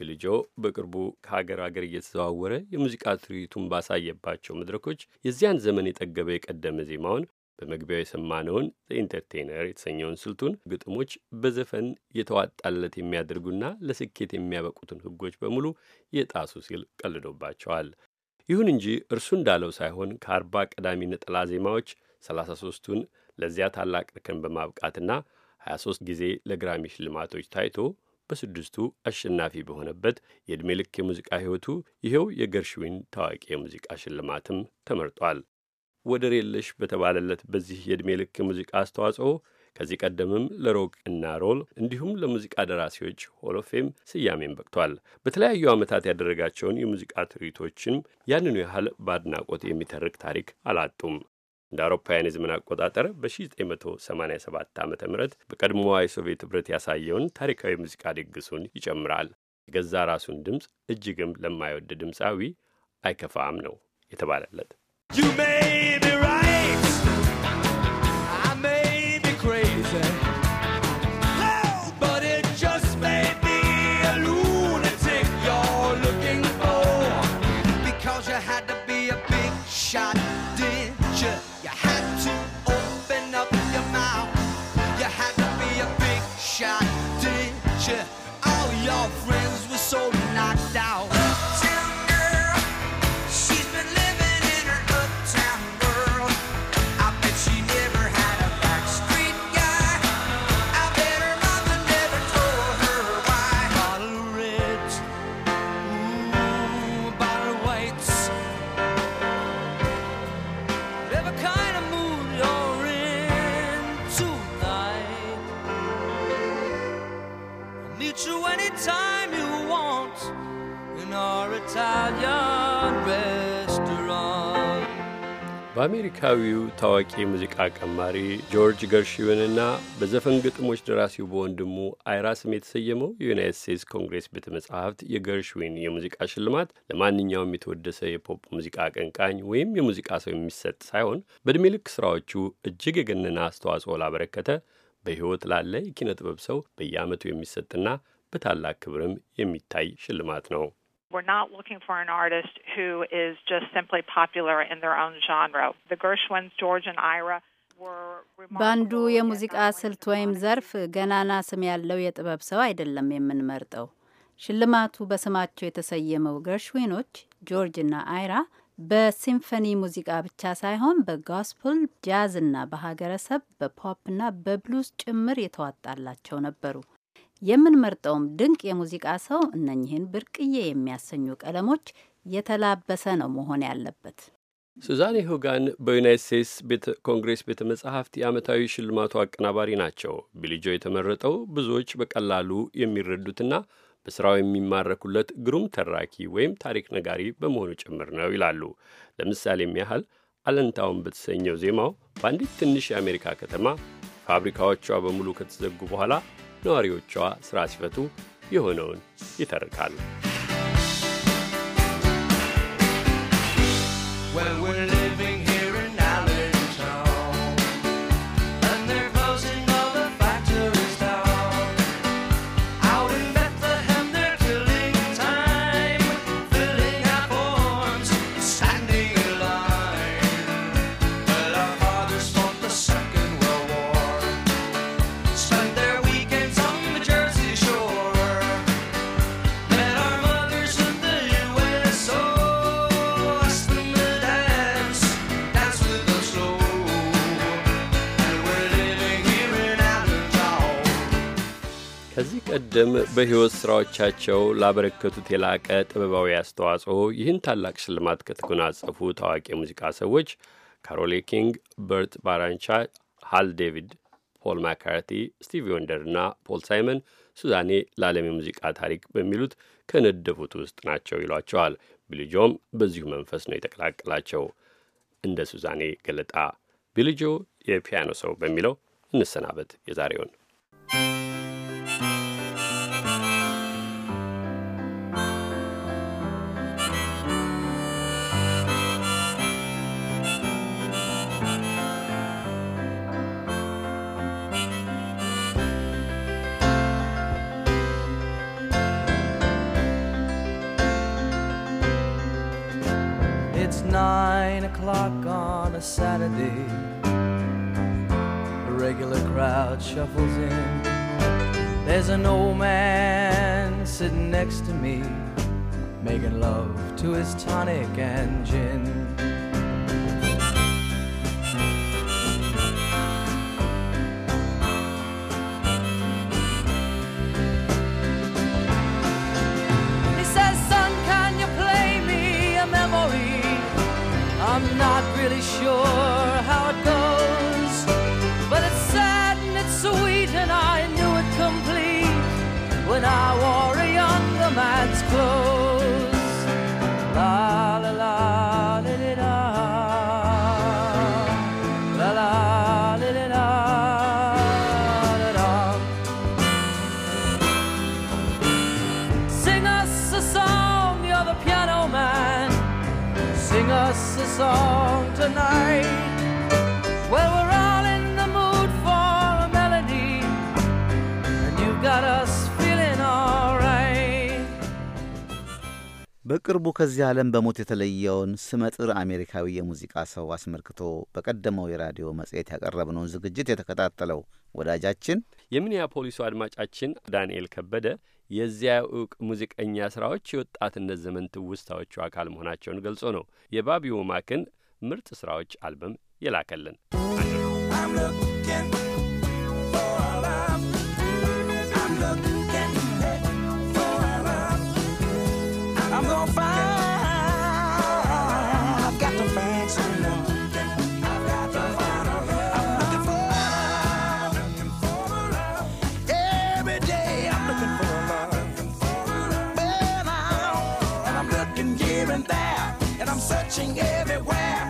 ቢልጆ በቅርቡ ከሀገር ሀገር እየተዘዋወረ የሙዚቃ ትርኢቱን ባሳየባቸው መድረኮች የዚያን ዘመን የጠገበ የቀደመ ዜማውን በመግቢያው የሰማነውን ኢንተርቴነር የተሰኘውን ስልቱን ግጥሞች በዘፈን የተዋጣለት የሚያደርጉና ለስኬት የሚያበቁትን ሕጎች በሙሉ የጣሱ ሲል ቀልዶባቸዋል። ይሁን እንጂ እርሱ እንዳለው ሳይሆን ከአርባ ቀዳሚ ነጠላ ዜማዎች ሰላሳ ሶስቱን ለዚያ ታላቅ እርከን በማብቃትና 23 ጊዜ ለግራሚ ሽልማቶች ታይቶ በስድስቱ አሸናፊ በሆነበት የዕድሜ ልክ የሙዚቃ ሕይወቱ ይኸው የገርሽዊን ታዋቂ የሙዚቃ ሽልማትም ተመርጧል። ወደር የለሽ በተባለለት በዚህ የዕድሜ ልክ የሙዚቃ አስተዋጽኦ ከዚህ ቀደምም ለሮክ እና ሮል እንዲሁም ለሙዚቃ ደራሲዎች ሆሎፌም ስያሜን በቅቷል። በተለያዩ ዓመታት ያደረጋቸውን የሙዚቃ ትርኢቶችም ያንኑ ያህል በአድናቆት የሚተርክ ታሪክ አላጡም። እንደ አውሮፓውያን የዘመን አቆጣጠር በ1987 ዓ ም በቀድሞዋ የሶቪየት ኅብረት ያሳየውን ታሪካዊ ሙዚቃ ድግሱን ይጨምራል። የገዛ ራሱን ድምፅ እጅግም ለማይወድ ድምፃዊ አይከፋም ነው የተባለለት። በአሜሪካዊው ታዋቂ ሙዚቃ ቀማሪ ጆርጅ ገርሽዊንና በዘፈን ግጥሞች ደራሲው በወንድሙ አይራ ስም የተሰየመው የዩናይት ስቴትስ ኮንግሬስ ቤተ መጻሕፍት የገርሽዊን የሙዚቃ ሽልማት ለማንኛውም የተወደሰ የፖፕ ሙዚቃ አቀንቃኝ ወይም የሙዚቃ ሰው የሚሰጥ ሳይሆን በእድሜ ልክ ስራዎቹ እጅግ የገነነ አስተዋጽኦ ላበረከተ በሕይወት ላለ የኪነ ጥበብ ሰው በየዓመቱ የሚሰጥና በታላቅ ክብርም የሚታይ ሽልማት ነው። We're not looking for an artist who is just simply popular in their own genre. The Gershwins, George and Ira በአንዱ የሙዚቃ ስልት ወይም ዘርፍ ገናና ስም ያለው የጥበብ ሰው አይደለም የምንመርጠው። ሽልማቱ በስማቸው የተሰየመው ገርሽዊኖች እና አይራ በሲምፈኒ ሙዚቃ ብቻ ሳይሆን በጋስፕል ጃዝና በሀገረሰብ በፖፕና በብሉዝ ጭምር የተዋጣላቸው ነበሩ። የምንመርጠውም ድንቅ የሙዚቃ ሰው እነኚህን ብርቅዬ የሚያሰኙ ቀለሞች የተላበሰ ነው መሆን ያለበት። ሱዛኔ ሁጋን በዩናይት ስቴትስ ኮንግሬስ ቤተ መጻሕፍት የዓመታዊ ሽልማቱ አቀናባሪ ናቸው። ቢልጆ የተመረጠው ብዙዎች በቀላሉ የሚረዱትና በሥራው የሚማረኩለት ግሩም ተራኪ ወይም ታሪክ ነጋሪ በመሆኑ ጭምር ነው ይላሉ። ለምሳሌም ያህል አለንታውን በተሰኘው ዜማው በአንዲት ትንሽ የአሜሪካ ከተማ ፋብሪካዎቿ በሙሉ ከተዘጉ በኋላ ነዋሪዎቿ ስራ ሲፈቱ የሆነውን ይተርካል። ቀደም በሕይወት ሥራዎቻቸው ላበረከቱት የላቀ ጥበባዊ አስተዋጽኦ ይህን ታላቅ ሽልማት ከተጎናጸፉ ታዋቂ የሙዚቃ ሰዎች ካሮሌ ኪንግ፣ በርት ባራንቻ፣ ሃል ዴቪድ፣ ፖል ማካርቲ፣ ስቲቪ ወንደር እና ፖል ሳይመን ሱዛኔ ለዓለም የሙዚቃ ታሪክ በሚሉት ከነደፉት ውስጥ ናቸው ይሏቸዋል። ቢልጆም በዚሁ መንፈስ ነው የተቀላቀላቸው። እንደ ሱዛኔ ገለጣ ቢልጆ የፒያኖ ሰው በሚለው እንሰናበት የዛሬውን nine o'clock on a Saturday. a regular crowd shuffles in. There's an old man sitting next to me, making love to his tonic and gin. I'm not really sure how it goes, but it's sad and it's sweet, and I knew it complete when I wore a younger man's clothes. song tonight. Well, we're all in the mood for a melody, and you've got us feeling alright. በቅርቡ ከዚህ ዓለም በሞት የተለየውን ስመጥር አሜሪካዊ የሙዚቃ ሰው አስመልክቶ በቀደመው የራዲዮ መጽሔት ያቀረብነውን ዝግጅት የተከታተለው ወዳጃችን የሚኒያፖሊሱ አድማጫችን ዳንኤል ከበደ የዚያ እውቅ ሙዚቀኛ ስራዎች የወጣትነት ዘመን ትውስታዎቹ አካል መሆናቸውን ገልጾ ነው የባቢ ወማክን ምርጥ ስራዎች አልበም የላከልን። I'm gonna find everywhere.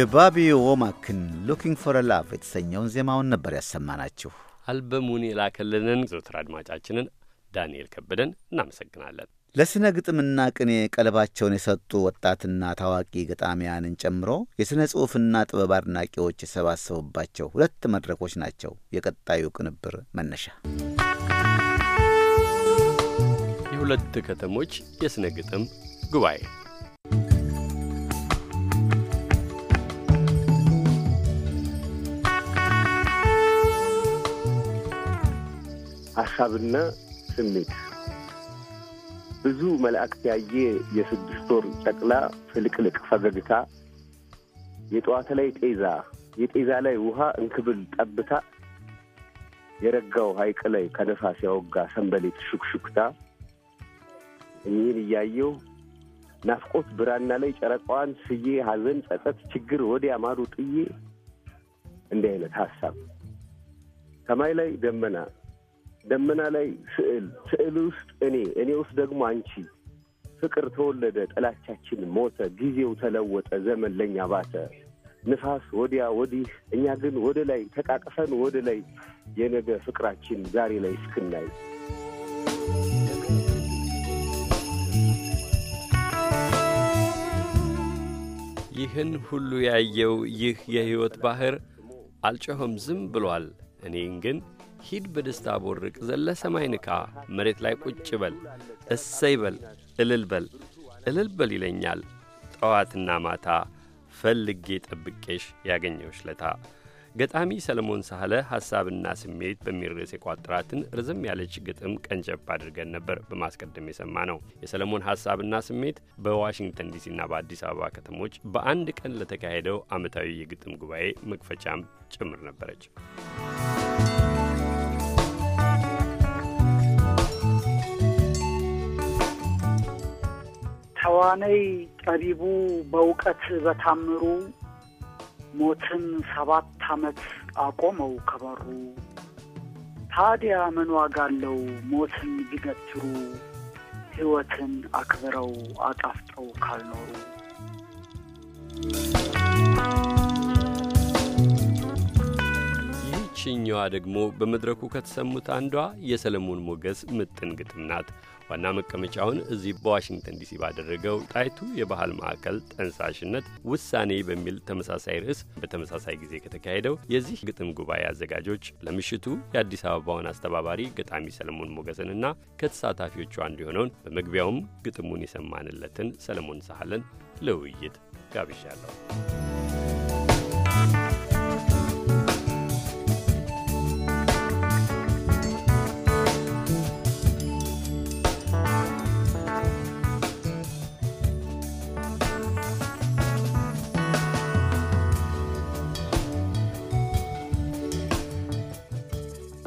የባቢ ወማክን ሉኪንግ ፎር ላቭ የተሰኘውን ዜማውን ነበር ያሰማናችሁ። አልበሙን የላከልንን ዘወትር አድማጫችንን ዳንኤል ከበደን እናመሰግናለን። ለሥነ ግጥምና ቅኔ ቀለባቸውን የሰጡ ወጣትና ታዋቂ ገጣሚያንን ጨምሮ የሥነ ጽሑፍና ጥበብ አድናቂዎች የሰባሰቡባቸው ሁለት መድረኮች ናቸው የቀጣዩ ቅንብር መነሻ። የሁለት ከተሞች የሥነ ግጥም ጉባኤ ሀሳብና ስሜት ብዙ መላእክት ያየ የስድስት ወር ጨቅላ ፍልቅልቅ ፈገግታ፣ የጠዋት ላይ ጤዛ የጤዛ ላይ ውሃ እንክብል ጠብታ፣ የረጋው ሐይቅ ላይ ከነፋስ ያወጋ ሰንበሌት ሹክሹክታ እኒህን እያየው ናፍቆት ብራና ላይ ጨረቃዋን ስዬ ሐዘን ጸጸት ችግር ወዲያ ማዶ ጥዬ እንዲህ አይነት ሀሳብ ሰማይ ላይ ደመና ደመና ላይ ስዕል፣ ስዕል ውስጥ እኔ፣ እኔ ውስጥ ደግሞ አንቺ። ፍቅር ተወለደ፣ ጥላቻችን ሞተ፣ ጊዜው ተለወጠ፣ ዘመን ለእኛ ባተ። ንፋስ ወዲያ ወዲህ፣ እኛ ግን ወደ ላይ ተቃቅፈን ወደ ላይ የነገ ፍቅራችን ዛሬ ላይ እስክናይ ይህን ሁሉ ያየው ይህ የሕይወት ባሕር አልጮኸም፣ ዝም ብሏል። እኔን ግን ሂድ በደስታ ቦርቅ፣ ዘለ ሰማይ ንካ፣ መሬት ላይ ቁጭ በል፣ እሰይ በል፣ እልል በል፣ እልል በል ይለኛል ጠዋትና ማታ ፈልጌ ጠብቄሽ ያገኘሁሽ ለታ። ገጣሚ ሰለሞን ሳህለ ሐሳብና ስሜት በሚል ርዕስ የቋጠራትን ርዝም ያለች ግጥም ቀንጨብ አድርገን ነበር በማስቀደም የሰማ ነው። የሰለሞን ሐሳብና ስሜት በዋሽንግተን ዲሲና በአዲስ አበባ ከተሞች በአንድ ቀን ለተካሄደው ዓመታዊ የግጥም ጉባኤ መክፈቻም ጭምር ነበረች። ተዋነይ ጠቢቡ በእውቀት በታምሩ ሞትን ሰባት ዓመት አቆመው ከበሩ። ታዲያ ምን ዋጋ አለው ሞትን ቢገትሩ ሕይወትን አክብረው አጣፍጠው ካልኖሩ። ይችኛዋ ደግሞ በመድረኩ ከተሰሙት አንዷ የሰለሞን ሞገስ ምጥን ግጥም ናት። ዋና መቀመጫውን እዚህ በዋሽንግተን ዲሲ ባደረገው ጣይቱ የባህል ማዕከል ጠንሳሽነት ውሳኔ በሚል ተመሳሳይ ርዕስ በተመሳሳይ ጊዜ ከተካሄደው የዚህ ግጥም ጉባኤ አዘጋጆች ለምሽቱ የአዲስ አበባውን አስተባባሪ ገጣሚ ሰለሞን ሞገስንና ከተሳታፊዎቹ አንዱ የሆነውን በመግቢያውም ግጥሙን የሰማንለትን ሰለሞን ሳህልን ለውይይት ጋብዣለሁ።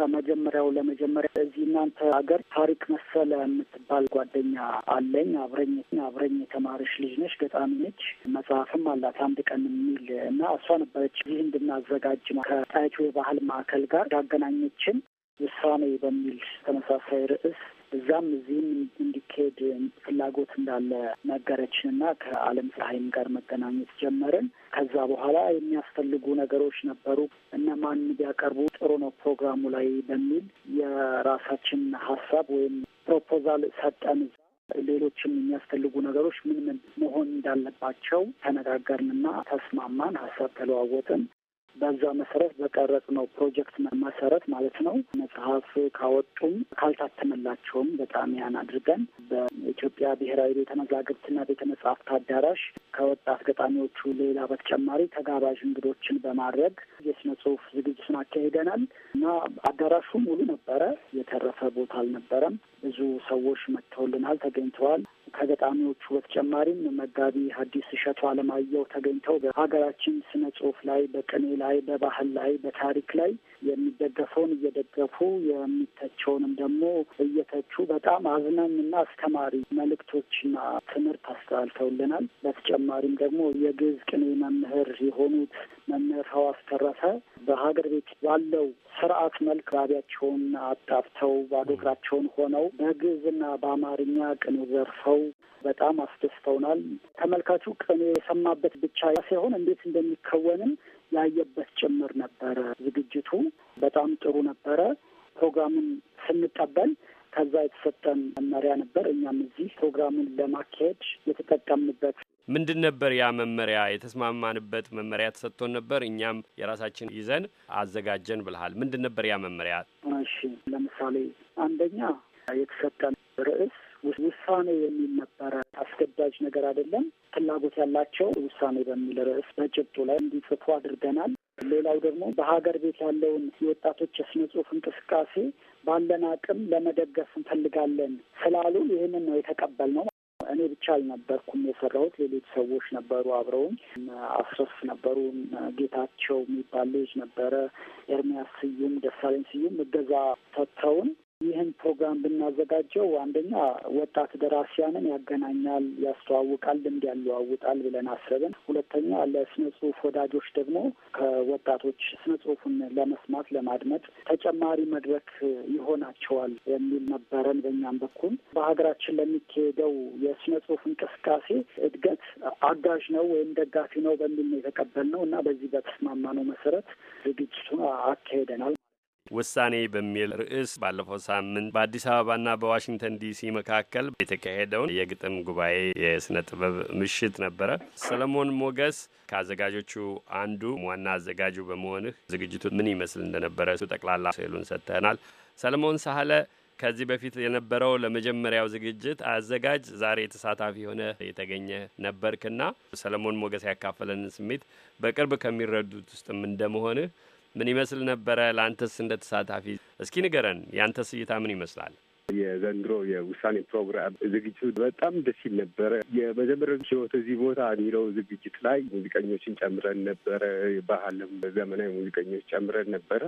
ከመጀመሪያው ለመጀመሪያ እዚህ እናንተ ሀገር ታሪክ መሰለ የምትባል ጓደኛ አለኝ። አብረኝ አብረኝ የተማረች ልጅ ነች፣ ገጣሚ ነች። መጽሐፍም አላት አንድ ቀን የሚል እና እሷ ነበረች ይህ እንድናዘጋጅ ከጣይቱ የባህል ማዕከል ጋር ያገናኘችን ውሳኔ በሚል ተመሳሳይ ርዕስ እዛም እዚህም እንዲካሄድ ፍላጎት እንዳለ ነገረችን እና ከአለም ፀሐይም ጋር መገናኘት ጀመርን። ከዛ በኋላ የሚያስፈልጉ ነገሮች ነበሩ እና ማን ቢያቀርቡ ጥሩ ነው ፕሮግራሙ ላይ በሚል የራሳችን ሀሳብ ወይም ፕሮፖዛል ሰጠን። ሌሎችም የሚያስፈልጉ ነገሮች ምን ምን መሆን እንዳለባቸው ተነጋገርንና ተስማማን፣ ሀሳብ ተለዋወጥን። በዛ መሰረት በቀረጽ ነው ፕሮጀክት መሰረት ማለት ነው። መጽሐፍ ካወጡም ካልታተመላቸውም በጣም ያን አድርገን በኢትዮጵያ ብሔራዊ ቤተ መዛግብትና ቤተ መጽሐፍት አዳራሽ ከወጣት ገጣሚዎቹ ሌላ በተጨማሪ ተጋባዥ እንግዶችን በማድረግ የስነ ጽሁፍ ዝግጅቱን አካሂደናል እና አዳራሹ ሙሉ ነበረ። የተረፈ ቦታ አልነበረም። ብዙ ሰዎች መጥተውልናል፣ ተገኝተዋል። ከገጣሚዎቹ በተጨማሪም መጋቢ ሐዲስ እሸቱ አለማየሁ ተገኝተው በሀገራችን ስነ ጽሁፍ ላይ፣ በቅኔ ላይ፣ በባህል ላይ፣ በታሪክ ላይ የሚደገፈውን እየደገፉ የሚተቸውንም ደግሞ እየተቹ በጣም አዝናኝና አስተማሪ መልእክቶችና ትምህርት አስተላልፈውልናል። በተጨማሪም ደግሞ የግዕዝ ቅኔ መምህር የሆኑት መምህር ሀዋስ ተረፈ በሀገር ቤት ባለው ስርዓት መልክ ባቢያቸውን አጣፍተው ባዶ እግራቸውን ሆነው በግዕዝና በአማርኛ ቅኔ ዘርፈው በጣም አስደስተውናል። ተመልካቹ ቅኔ የሰማበት ብቻ ሳይሆን እንዴት እንደሚከወንም ያየበት ጭምር ነበረ። ዝግጅቱ በጣም ጥሩ ነበረ። ፕሮግራሙን ስንቀበል ከዛ የተሰጠን መመሪያ ነበር። እኛም እዚህ ፕሮግራሙን ለማካሄድ የተጠቀምንበት ምንድን ነበር ያ መመሪያ? የተስማማንበት መመሪያ ተሰጥቶን ነበር። እኛም የራሳችን ይዘን አዘጋጀን ብልሃል። ምንድን ነበር ያ መመሪያ? እሺ፣ ለምሳሌ አንደኛ የተሰጠን ርዕስ ውሳኔ ነበረ አስገዳጅ ነገር አይደለም። ፍላጎት ያላቸው ውሳኔ በሚል ርዕስ በጭብጡ ላይ እንዲጽፉ አድርገናል። ሌላው ደግሞ በሀገር ቤት ያለውን የወጣቶች የስነ ጽሁፍ እንቅስቃሴ ባለን አቅም ለመደገፍ እንፈልጋለን ስላሉ ይህንን ነው የተቀበልነው። እኔ ብቻ አልነበርኩም የሰራሁት፣ ሌሎች ሰዎች ነበሩ አብረውኝ። አስረስ ነበሩ፣ ጌታቸው የሚባል ልጅ ነበረ፣ ኤርሚያስ ስዩም፣ ደሳለኝ ስዩም እገዛ ሰጥተውን ይህን ፕሮግራም ብናዘጋጀው አንደኛ ወጣት ደራሲያንን ያገናኛል፣ ያስተዋውቃል፣ ልምድ ያለዋውጣል ብለን አሰብን። ሁለተኛ ለስነ ጽሁፍ ወዳጆች ደግሞ ከወጣቶች ስነ ጽሁፉን ለመስማት ለማድመጥ ተጨማሪ መድረክ ይሆናቸዋል የሚል ነበረን። በእኛም በኩል በሀገራችን ለሚካሄደው የስነ ጽሁፍ እንቅስቃሴ እድገት አጋዥ ነው ወይም ደጋፊ ነው በሚል ነው የተቀበልነው እና በዚህ በተስማማነው መሰረት ዝግጅቱን አካሄደናል። ውሳኔ በሚል ርዕስ ባለፈው ሳምንት በአዲስ አበባና በዋሽንግተን ዲሲ መካከል የተካሄደውን የግጥም ጉባኤ የስነ ጥበብ ምሽት ነበረ። ሰለሞን ሞገስ ከአዘጋጆቹ አንዱ ዋና አዘጋጁ በመሆንህ ዝግጅቱ ምን ይመስል እንደነበረ እሱ ጠቅላላ ስዕሉን ሰጥተናል። ሰለሞን ሳህለ ከዚህ በፊት የነበረው ለመጀመሪያው ዝግጅት አዘጋጅ ዛሬ ተሳታፊ የሆነ የተገኘ ነበርክና ሰለሞን ሞገስ ያካፈለንን ስሜት በቅርብ ከሚረዱት ውስጥም እንደመሆንህ ምን ይመስል ነበረ? ለአንተስ እንደ ተሳታፊ እስኪ ንገረን። የአንተስ እይታ ምን ይመስላል? የዘንድሮ የውሳኔ ፕሮግራም ዝግጅቱ በጣም ደስ ይል ነበረ። የመጀመሪያው ህይወት እዚህ ቦታ የሚለው ዝግጅት ላይ ሙዚቀኞችን ጨምረን ነበረ። ባህልም ዘመናዊ ሙዚቀኞች ጨምረን ነበረ።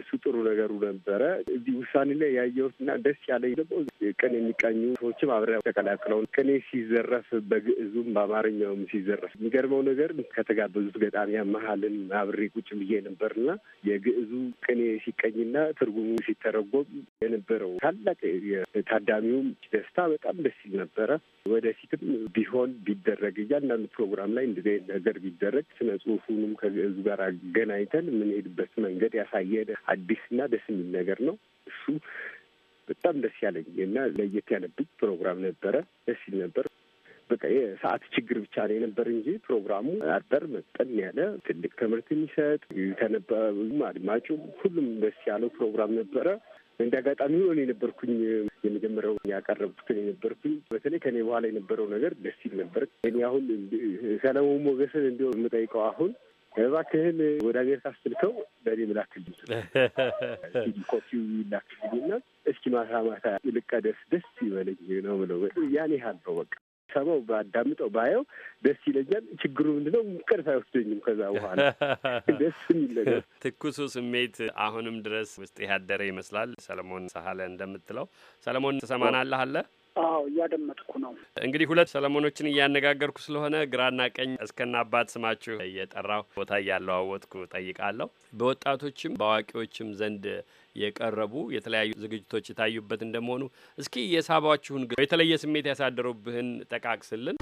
እሱ ጥሩ ነገሩ ነበረ። እዚህ ውሳኔ ላይ ያየሁት እና ደስ ያለኝ ደግሞ ቅኔ የሚቀኙ ሰዎችም አብረ ተቀላቅለውን ቅኔ ሲዘረፍ በግዕዙም በአማርኛውም ሲዘረፍ የሚገርመው ነገር ከተጋበዙት ገጣሚያ መሀልን አብሬ ቁጭ ብዬ ነበርና የግዕዙ ቅኔ ሲቀኝና ትርጉሙ ሲተረጎም የነበረው ታላቅ የታዳሚውም ደስታ በጣም ደስ ይል ነበረ። ወደፊትም ቢሆን ቢደረግ እያንዳንዱ ፕሮግራም ላይ እንደዚህ ነገር ቢደረግ ስነ ጽሁፉንም ከግዕዙ ጋር አገናኝተን የምንሄድበት መንገድ ያሳየ አዲስና ደስ የሚል ነገር ነው እሱ በጣም ደስ ያለኝ እና ለየት ያለብኝ ፕሮግራም ነበረ። ደስ ይል ነበር። በቃ የሰዓት ችግር ብቻ ነው የነበር እንጂ ፕሮግራሙ አጠር መጠን ያለ ትልቅ ትምህርት የሚሰጥ ከነበሩም አድማጩ ሁሉም ደስ ያለው ፕሮግራም ነበረ። እንደ አጋጣሚ ሆኖ የነበርኩኝ የመጀመሪያው ያቀረብኩትን የነበርኩኝ በተለይ ከኔ በኋላ የነበረው ነገር ደስ ይል ነበር። እኔ አሁን ሰለሞን ሞገስን እንዲ የምጠይቀው አሁን እባክህን ወደ አሜሪካ ስትልከው በእኔ ምላክልኝ ኮፒው ይላክልኝና እስኪ ማታ ማታ ልቀደስ ደስ ይበለኝ ነው ብለው ያን ያህል ነው በቃ ሰማው ባዳምጠው ባየው ደስ ይለኛል። ችግሩ ምንድነው? እንቅልፍ አይወስደኝም። ከዛ በኋላ (laughs) ደስ የሚል ትኩሱ ስሜት አሁንም ድረስ ውስጥ ያደረ ይመስላል። ሰለሞን ሳህለ እንደምትለው ሰለሞን ትሰማናለህ አለ አዎ እያደመጥኩ ነው። እንግዲህ ሁለት ሰለሞኖችን እያነጋገርኩ ስለሆነ ግራና ቀኝ እስከና አባት ስማችሁ እየጠራው ቦታ እያለዋወጥኩ ጠይቃለሁ። በወጣቶችም በአዋቂዎችም ዘንድ የቀረቡ የተለያዩ ዝግጅቶች የታዩበት እንደመሆኑ እስኪ የሳባችሁን የተለየ ስሜት ያሳደሩብህን ጠቃቅስልን።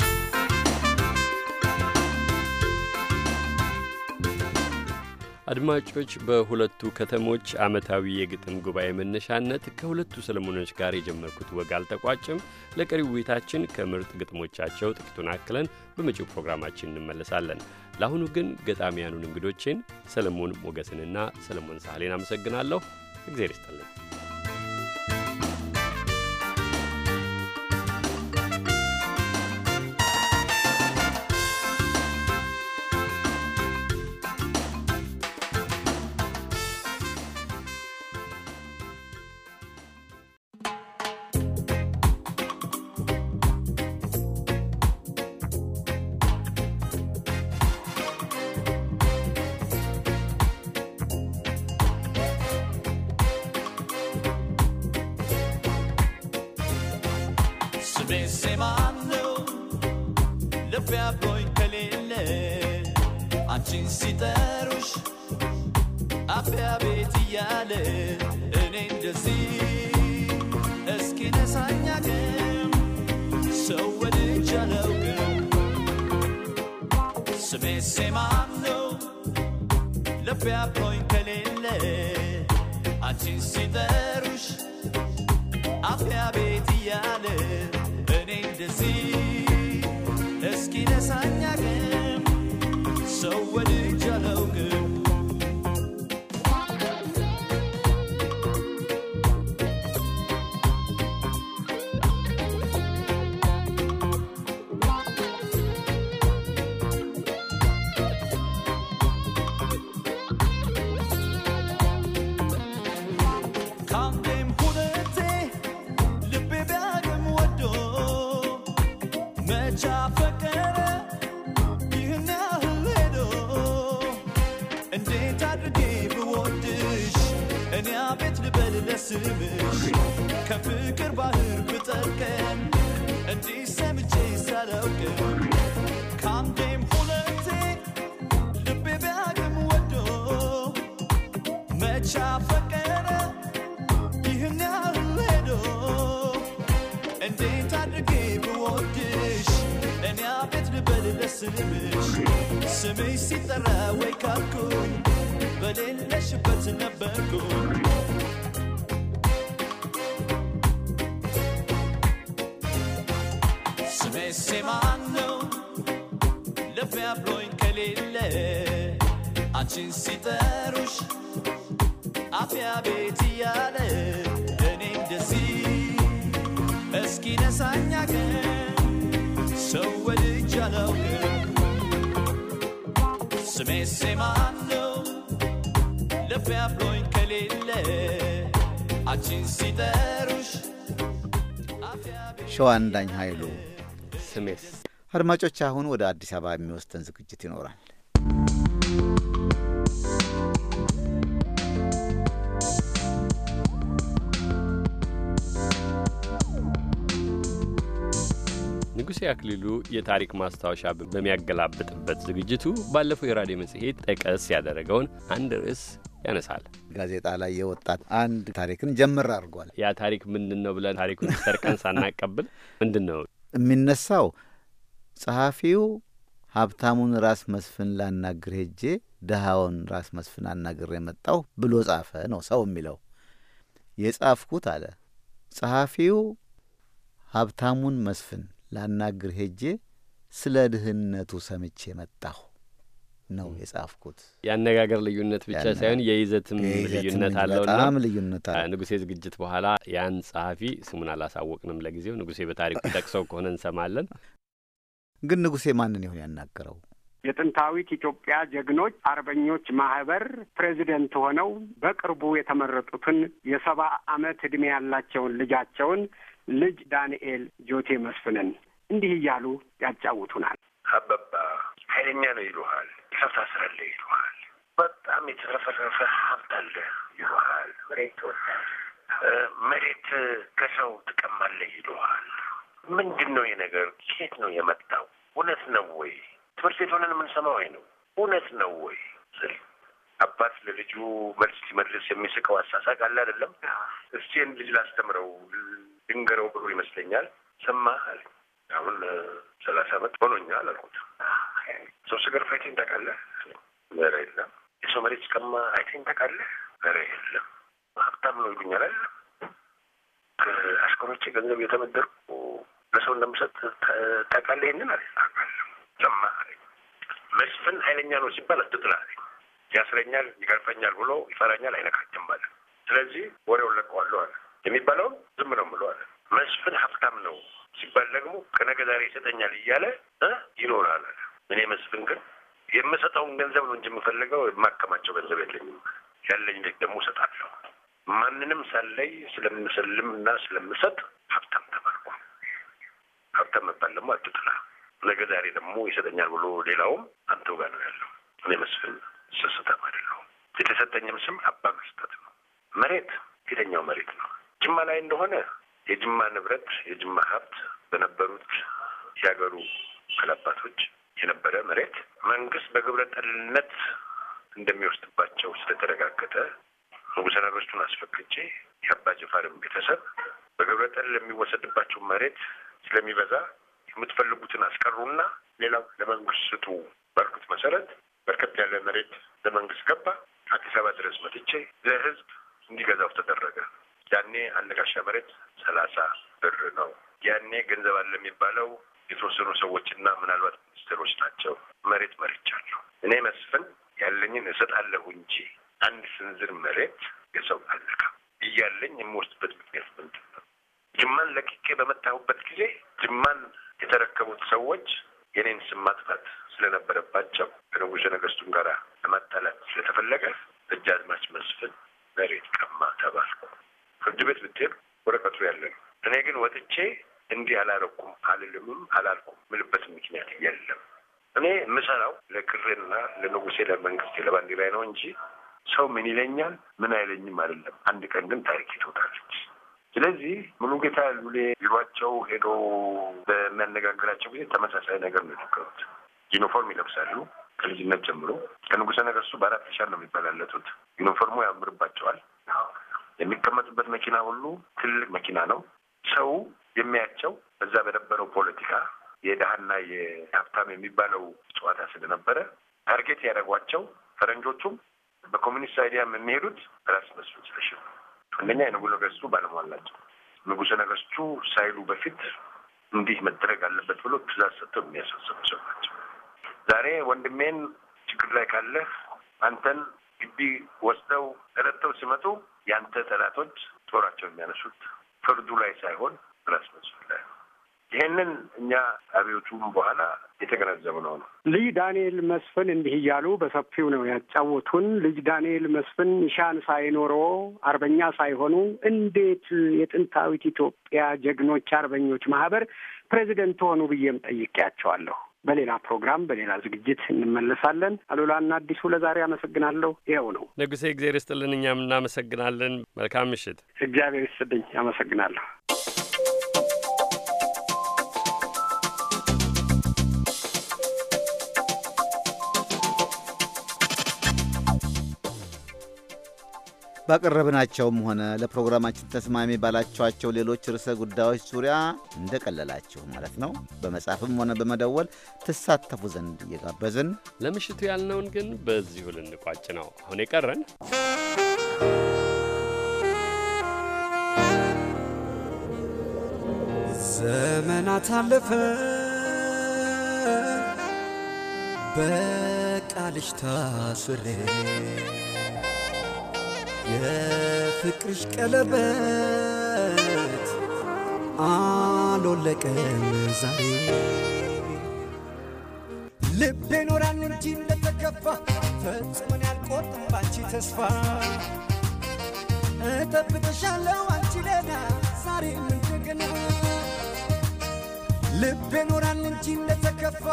አድማጮች በሁለቱ ከተሞች ዓመታዊ የግጥም ጉባኤ መነሻነት ከሁለቱ ሰለሞኖች ጋር የጀመርኩት ወግ አልተቋጭም። ለቀሪው ውይይታችን ከምርጥ ግጥሞቻቸው ጥቂቱን አክለን በመጪው ፕሮግራማችን እንመለሳለን። ለአሁኑ ግን ገጣሚያኑን እንግዶቼን ሰለሞን ሞገስንና ሰለሞን ሳህሌን አመሰግናለሁ። እግዜር ይስጠልን። ስምሽ ከፍቅር ባህር ብጠልቀን እንዲህ ሰምቼ ሳላውቅም ከአንዴም ሁለቴ ልቤ ቢያግም ወዶ መቻ ፈቀረ ይህን ያህል ሄዶ እንዴት አድርጌ ብወድሽ እኔ አቤት ልበል ለስምሽ ስምሽ ሲጠራ ወይ ካልኩኝ በሌለሽበት ነበርኩኝ ሴ ማን ነው ለፊያ ብሎኝ ከሌለ ሲጠሩሽ ኃይሉ ስሜስ። አድማጮች አሁን ወደ አዲስ አበባ የሚወስደን ዝግጅት ይኖራል። ንጉሴ አክሊሉ የታሪክ ማስታወሻ በሚያገላብጥበት ዝግጅቱ ባለፈው የራዲዮ መጽሔት ጠቀስ ያደረገውን አንድ ርዕስ ያነሳል። ጋዜጣ ላይ የወጣት አንድ ታሪክን ጀምር አድርጓል። ያ ታሪክ ምንድን ነው ብለን ታሪኩን ሰርቀን ሳናቀብል ምንድን ነው የሚነሳው? ጸሐፊው ሀብታሙን ራስ መስፍን ላናግር ሄጄ ድሃውን ራስ መስፍን አናግር የመጣው ብሎ ጻፈ ነው ሰው የሚለው። የጻፍኩት አለ ጸሐፊው ሀብታሙን መስፍን ላናግር ሄጄ ስለ ድህነቱ ሰምቼ መጣሁ ነው የጻፍኩት። የአነጋገር ልዩነት ብቻ ሳይሆን የይዘትም ልዩነት አለው። በጣም ልዩነት አለ። ንጉሴ ዝግጅት በኋላ ያን ጸሐፊ ስሙን አላሳወቅንም ለጊዜው። ንጉሴ በታሪኩ ጠቅሰው ከሆነ እንሰማለን። ግን ንጉሴ ማንን ይሆን ያናገረው? የጥንታዊት ኢትዮጵያ ጀግኖች አርበኞች ማህበር ፕሬዚደንት ሆነው በቅርቡ የተመረጡትን የሰባ አመት ዕድሜ ያላቸውን ልጃቸውን ልጅ ዳንኤል ጆቴ መስፍንን እንዲህ እያሉ ያጫውቱናል። አበባ ኃይለኛ ነው ይሉሃል፣ ተሳስረለ ይሉሃል፣ በጣም የተረፈረፈ ሀብታለ ይሉሃል፣ መሬት መሬት ከሰው ትቀማለህ ይሉሃል። ምንድን ነው የነገር ነገር? ኬት ነው የመጣው? እውነት ነው ወይ? ትምህርት ቤት ሆነን የምንሰማው ነው። እውነት ነው ወይ ስል አባት ለልጁ መልስ ሲመልስ የሚስቀው አሳሳቅ አለ አይደለም። እስቲን ልጅ ላስተምረው ድንገረው ብሎ ይመስለኛል ሰማህ አለ አሁን ሰላሳ አመት ሆኖኛል አልኩት። ሰው ስገር ፋይቴን ታውቃለህ? ኧረ የለም። የሰው መሬት ስቀማ አይቴን ታውቃለህ? ኧረ የለም። ሀብታም ነው ይሉኛል አለ ከአሽከሮቼ ገንዘብ የተበደርኩ ለሰው እንደምሰጥ ታውቃለህ? ይህንን አለ ታውቃለህ። ሰማህ አለኝ። መስፍን ሀይለኛ ነው ሲባል አትጥላ ያስረኛል፣ ይገርፈኛል ብሎ ይፈራኛል፣ አይነካችም አለ። ስለዚህ ወሬውን ለቀዋለሁ አለ የሚባለውን ዝም ነው ምለዋል። መስፍን ሀብታም ነው ሲባል ደግሞ ከነገ ዛሬ ይሰጠኛል እያለ ይኖራል። እኔ መስፍን ግን የምሰጠውን ገንዘብ ነው እንጂ የምፈልገው የማከማቸው ገንዘብ የለኝም። ያለኝ ልጅ ደግሞ እሰጣለሁ። ማንንም ሳለይ ስለምሰልም እና ስለምሰጥ ሀብታም ተባልኩ። ሀብታም መባል ደግሞ አትጥላ። ነገ ዛሬ ደግሞ ይሰጠኛል ብሎ ሌላውም አንተው ጋር ነው ያለው። እኔ መስፍን ስስታም አይደለሁም። የተሰጠኝም ስም አባ መስጠት ነው። መሬት የትኛው መሬት ነው? ጅማ ላይ እንደሆነ የጅማ ንብረት የጅማ ሀብት በነበሩት የሀገሩ ባላባቶች የነበረ መሬት መንግስት በግብረ ጠልነት እንደሚወስድባቸው ስለተረጋገጠ ንጉሰ ነገሥቱን አስፈቅጄ የአባ ጅፋርን ቤተሰብ በግብረ ጠል የሚወሰድባቸው መሬት ስለሚበዛ የምትፈልጉትን አስቀሩና ሌላው ለመንግስት ስጡ ባልኩት መሰረት በርከት ያለ መሬት ለመንግስት ገባ። አዲስ አበባ ድረስ መጥቼ ለህዝብ እንዲገዛው ተደረገ። ያኔ አንድ ጋሻ መሬት ሰላሳ ብር ነው። ያኔ ገንዘብ አለ የሚባለው የተወሰኑ ሰዎችና ምናልባት ሚኒስትሮች ናቸው። መሬት መርቻለሁ እኔ መስፍን ያለኝን እሰጣለሁ እንጂ አንድ ስንዝር መሬት የሰው አለካ እያለኝ የምወስድበት ምክንያት ምንድን ነው? ጅማን ለቅቄ በመታሁበት ጊዜ ጅማን የተረከቡት ሰዎች የኔን ስም ማጥፋት ስለነበረባቸው ከንጉሠ ነገሥቱም ጋር ለማጣላት ስለተፈለገ እጅ አድማች መስፍን መሬት ቀማ ተባልኩ። ፍርድ ቤት ብትሄድ ወረቀቱ ያለ ነው። እኔ ግን ወጥቼ እንዲህ አላረኩም አልልምም አላልኩም ምልበት ምክንያት የለም። እኔ የምሰራው ለክሬና ለንጉሴ ለመንግስቴ ለባንዲራ ነው እንጂ ሰው ምን ይለኛል ምን አይለኝም አይደለም። አንድ ቀን ግን ታሪክ ትወጣለች። ስለዚህ ጌታ ሉሌ ቢሯቸው ሄዶ በሚያነጋግራቸው ጊዜ ተመሳሳይ ነገር ነው የነገሩት። ዩኒፎርም ይለብሳሉ ከልጅነት ጀምሮ ከንጉሰ ነገሥቱ በአራት ሻር ነው የሚበላለጡት። ዩኒፎርሙ ያምርባቸዋል። የሚቀመጡበት መኪና ሁሉ ትልቅ መኪና ነው። ሰው የሚያቸው በዛ በነበረው ፖለቲካ የድሃና የሀብታም የሚባለው ጨዋታ ስለነበረ ታርጌት ያደረጓቸው ፈረንጆቹም በኮሚኒስት አይዲያም የሚሄዱት ራስ መስፍን ስለሽል አንደኛ የንጉሠ ነገሥቱ ባለሟል ናቸው። ንጉሠ ነገሥቱ ሳይሉ በፊት እንዲህ መደረግ አለበት ብሎ ትእዛዝ ሰጥተው የሚያሳስቡ ሰው ናቸው። ዛሬ ወንድሜን ችግር ላይ ካለህ አንተን ግቢ ወስደው ረድተው ሲመጡ ያንተ ጠላቶች ጦራቸው የሚያነሱት ፍርዱ ላይ ሳይሆን ራስ መንሱር ላይ ነው። ይህንን እኛ አብዮቱም በኋላ የተገነዘብነው ነው። ልጅ ዳንኤል መስፍን እንዲህ እያሉ በሰፊው ነው ያጫወቱን። ልጅ ዳንኤል መስፍን ኒሻን ሳይኖሮ አርበኛ ሳይሆኑ እንዴት የጥንታዊት ኢትዮጵያ ጀግኖች አርበኞች ማህበር ፕሬዚደንት ሆኑ ብዬም ጠይቄያቸዋለሁ። በሌላ ፕሮግራም በሌላ ዝግጅት እንመለሳለን። አሉላና አዲሱ ለዛሬ አመሰግናለሁ። ይኸው ነው ንጉሴ። እግዜር ይስጥልን። እኛም እናመሰግናለን። መልካም ምሽት። እግዚአብሔር ይስጥልኝ። አመሰግናለሁ። ባቀረብናቸውም ሆነ ለፕሮግራማችን ተስማሚ ባላችኋቸው ሌሎች ርዕሰ ጉዳዮች ዙሪያ እንደቀለላችሁ ማለት ነው በመጻፍም ሆነ በመደወል ትሳተፉ ዘንድ እየጋበዝን ለምሽቱ ያልነውን ግን በዚሁ ልንቋጭ ነው። አሁን የቀረን ዘመናት አለፈ በቃልሽ ታስሬ የፍቅርሽ ቀለበት አልወለቀም ዛሬ ልቤ ኖራን እንጂ እንደተከፋ ፈጽመን ያልቆርጥም ባንቺ ተስፋ እጠብቅሻለው አንቺ ደህና ዛሬ እንደገና ልቤ ኖራን እንጂ እንደተከፋ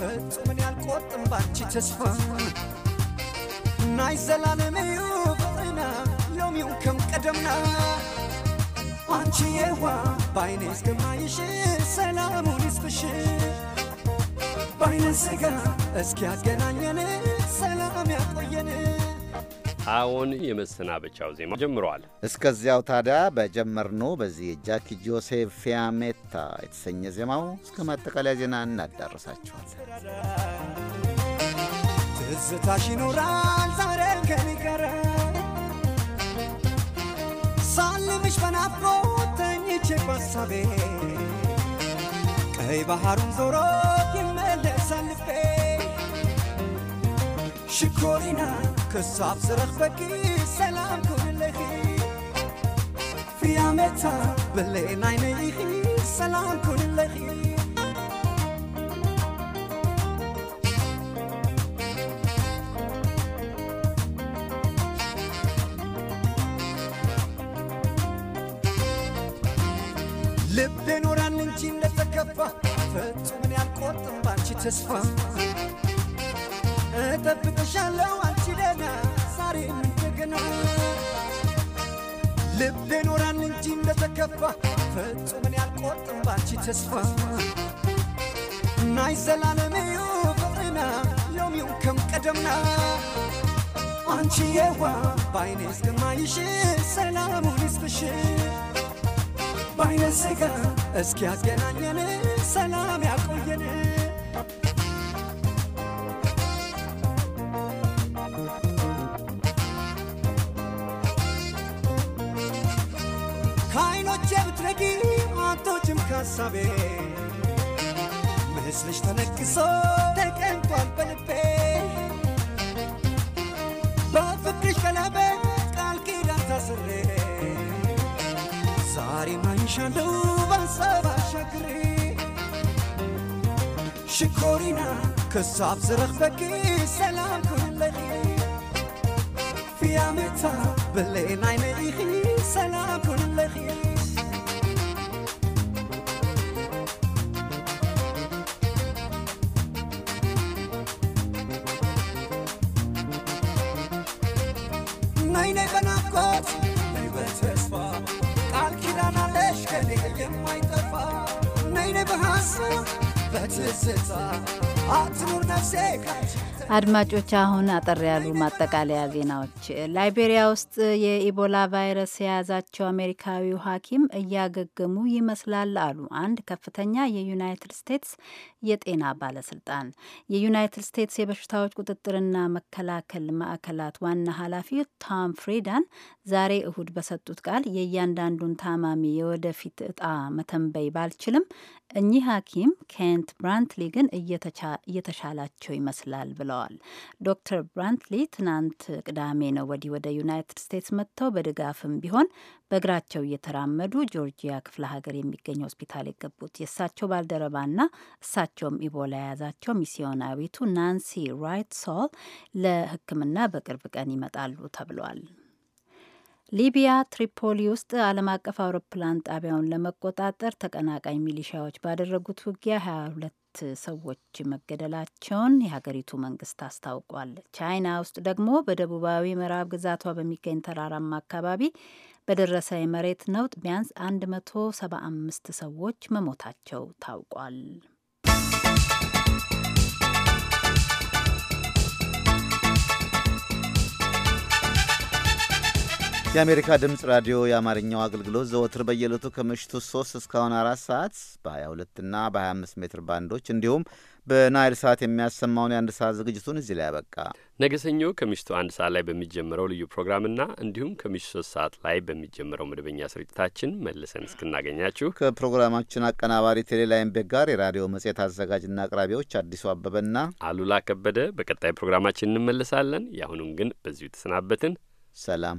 ፈጽመን ያልቆርጥም ባንቺ ተስፋ ናይ ዘላለም እዩ ቀዳሚው ከም ቀደምና አንቺ የዋ ባይኔ እስከማይሽ ሰላሙን ይስፍሽ ባይነ ስጋ እስኪ ያገናኘን ሰላም ያቆየን። አዎን የመሰናበቻው ዜማ ጀምረዋል። እስከዚያው ታዲያ በጀመርነው በዚህ የጃኪ ጆሴፍ ፊያሜታ የተሰኘ ዜማው እስከ ማጠቃለያ ዜና እናዳርሳችኋለን። ትዝታሽ ይኖራል ዛሬ ከሚቀረ مش من افروتن ای با زورا من دسن فی نه که صاف زرخ سلام کن لگی فیامتا بلی نای سلام کن ልቤ ኖራል እንጂ እንደተከፋ ፍጹምን ያልቆጥም ባንቺ ተስፋ እጠብቅሻለሁ አንቺ ደህና ዛሬም እንደገና ልቤ ኖራል እንጂ እንደተከፋ ፍጹምን ያልቆጥም ባንቺ ተስፋ ናይ ዘላለምዩ ፍቅርና ሎሚው ከም ቀደምና አንቺ የዋ ባይኔ እስከማይሽ ሰላሙን ይስጥሽ በአይነ ስጋ እስኪ ያገናኘን ሰላም ያቆየን። ከዓይኖቼ ብትረቂ አቶችም ካሳቤ ምስልሽ ተነክሶ ተቀምጧል በልቤ shaluba saba shakri shikorina kasab zerakhaki salam kulli fi ameta belay nayni salam kulli አድማጮች አሁን አጠር ያሉ ማጠቃለያ ዜናዎች። ላይቤሪያ ውስጥ የኢቦላ ቫይረስ የያዛቸው አሜሪካዊው ሐኪም እያገገሙ ይመስላል አሉ አንድ ከፍተኛ የዩናይትድ ስቴትስ የጤና ባለስልጣን። የዩናይትድ ስቴትስ የበሽታዎች ቁጥጥርና መከላከል ማዕከላት ዋና ኃላፊ ቶም ፍሪዳን ዛሬ እሁድ በሰጡት ቃል የእያንዳንዱን ታማሚ የወደፊት እጣ መተንበይ ባልችልም እኚህ ሐኪም ኬንት ብራንትሊ ግን እየተሻላቸው ይመስላል ብለዋል። ዶክተር ብራንትሊ ትናንት ቅዳሜ ነው ወዲህ ወደ ዩናይትድ ስቴትስ መጥተው በድጋፍም ቢሆን በእግራቸው እየተራመዱ ጆርጂያ ክፍለ ሀገር የሚገኝ ሆስፒታል የገቡት የእሳቸው ባልደረባና እሳቸውም ኢቦላ የያዛቸው ሚስዮናዊቱ ናንሲ ራይት ሶል ለሕክምና በቅርብ ቀን ይመጣሉ ተብሏል። ሊቢያ ትሪፖሊ ውስጥ ዓለም አቀፍ አውሮፕላን ጣቢያውን ለመቆጣጠር ተቀናቃኝ ሚሊሻዎች ባደረጉት ውጊያ 22 ሰዎች መገደላቸውን የሀገሪቱ መንግስት አስታውቋል። ቻይና ውስጥ ደግሞ በደቡባዊ ምዕራብ ግዛቷ በሚገኝ ተራራማ አካባቢ በደረሰ የመሬት ነውጥ ቢያንስ 175 ሰዎች መሞታቸው ታውቋል። የአሜሪካ ድምፅ ራዲዮ የአማርኛው አገልግሎት ዘወትር በየለቱ ከምሽቱ 3 እስካሁን 4 ሰዓት በ22 እና በ25 ሜትር ባንዶች እንዲሁም በናይል ሰዓት የሚያሰማውን የአንድ ሰዓት ዝግጅቱን እዚህ ላይ ያበቃ። ነገ ሰኞ ከምሽቱ አንድ ሰዓት ላይ በሚጀምረው ልዩ ፕሮግራምና እንዲሁም ከምሽቱ 3 ሰዓት ላይ በሚጀምረው መደበኛ ስርጭታችን መልሰን እስክናገኛችሁ ከፕሮግራማችን አቀናባሪ ቴሌላይን ቤት ጋር የራዲዮ መጽሔት አዘጋጅና አቅራቢዎች አዲሱ አበበና አሉላ ከበደ በቀጣይ ፕሮግራማችን እንመልሳለን። የአሁኑን ግን በዚሁ ተሰናበትን። ሰላም።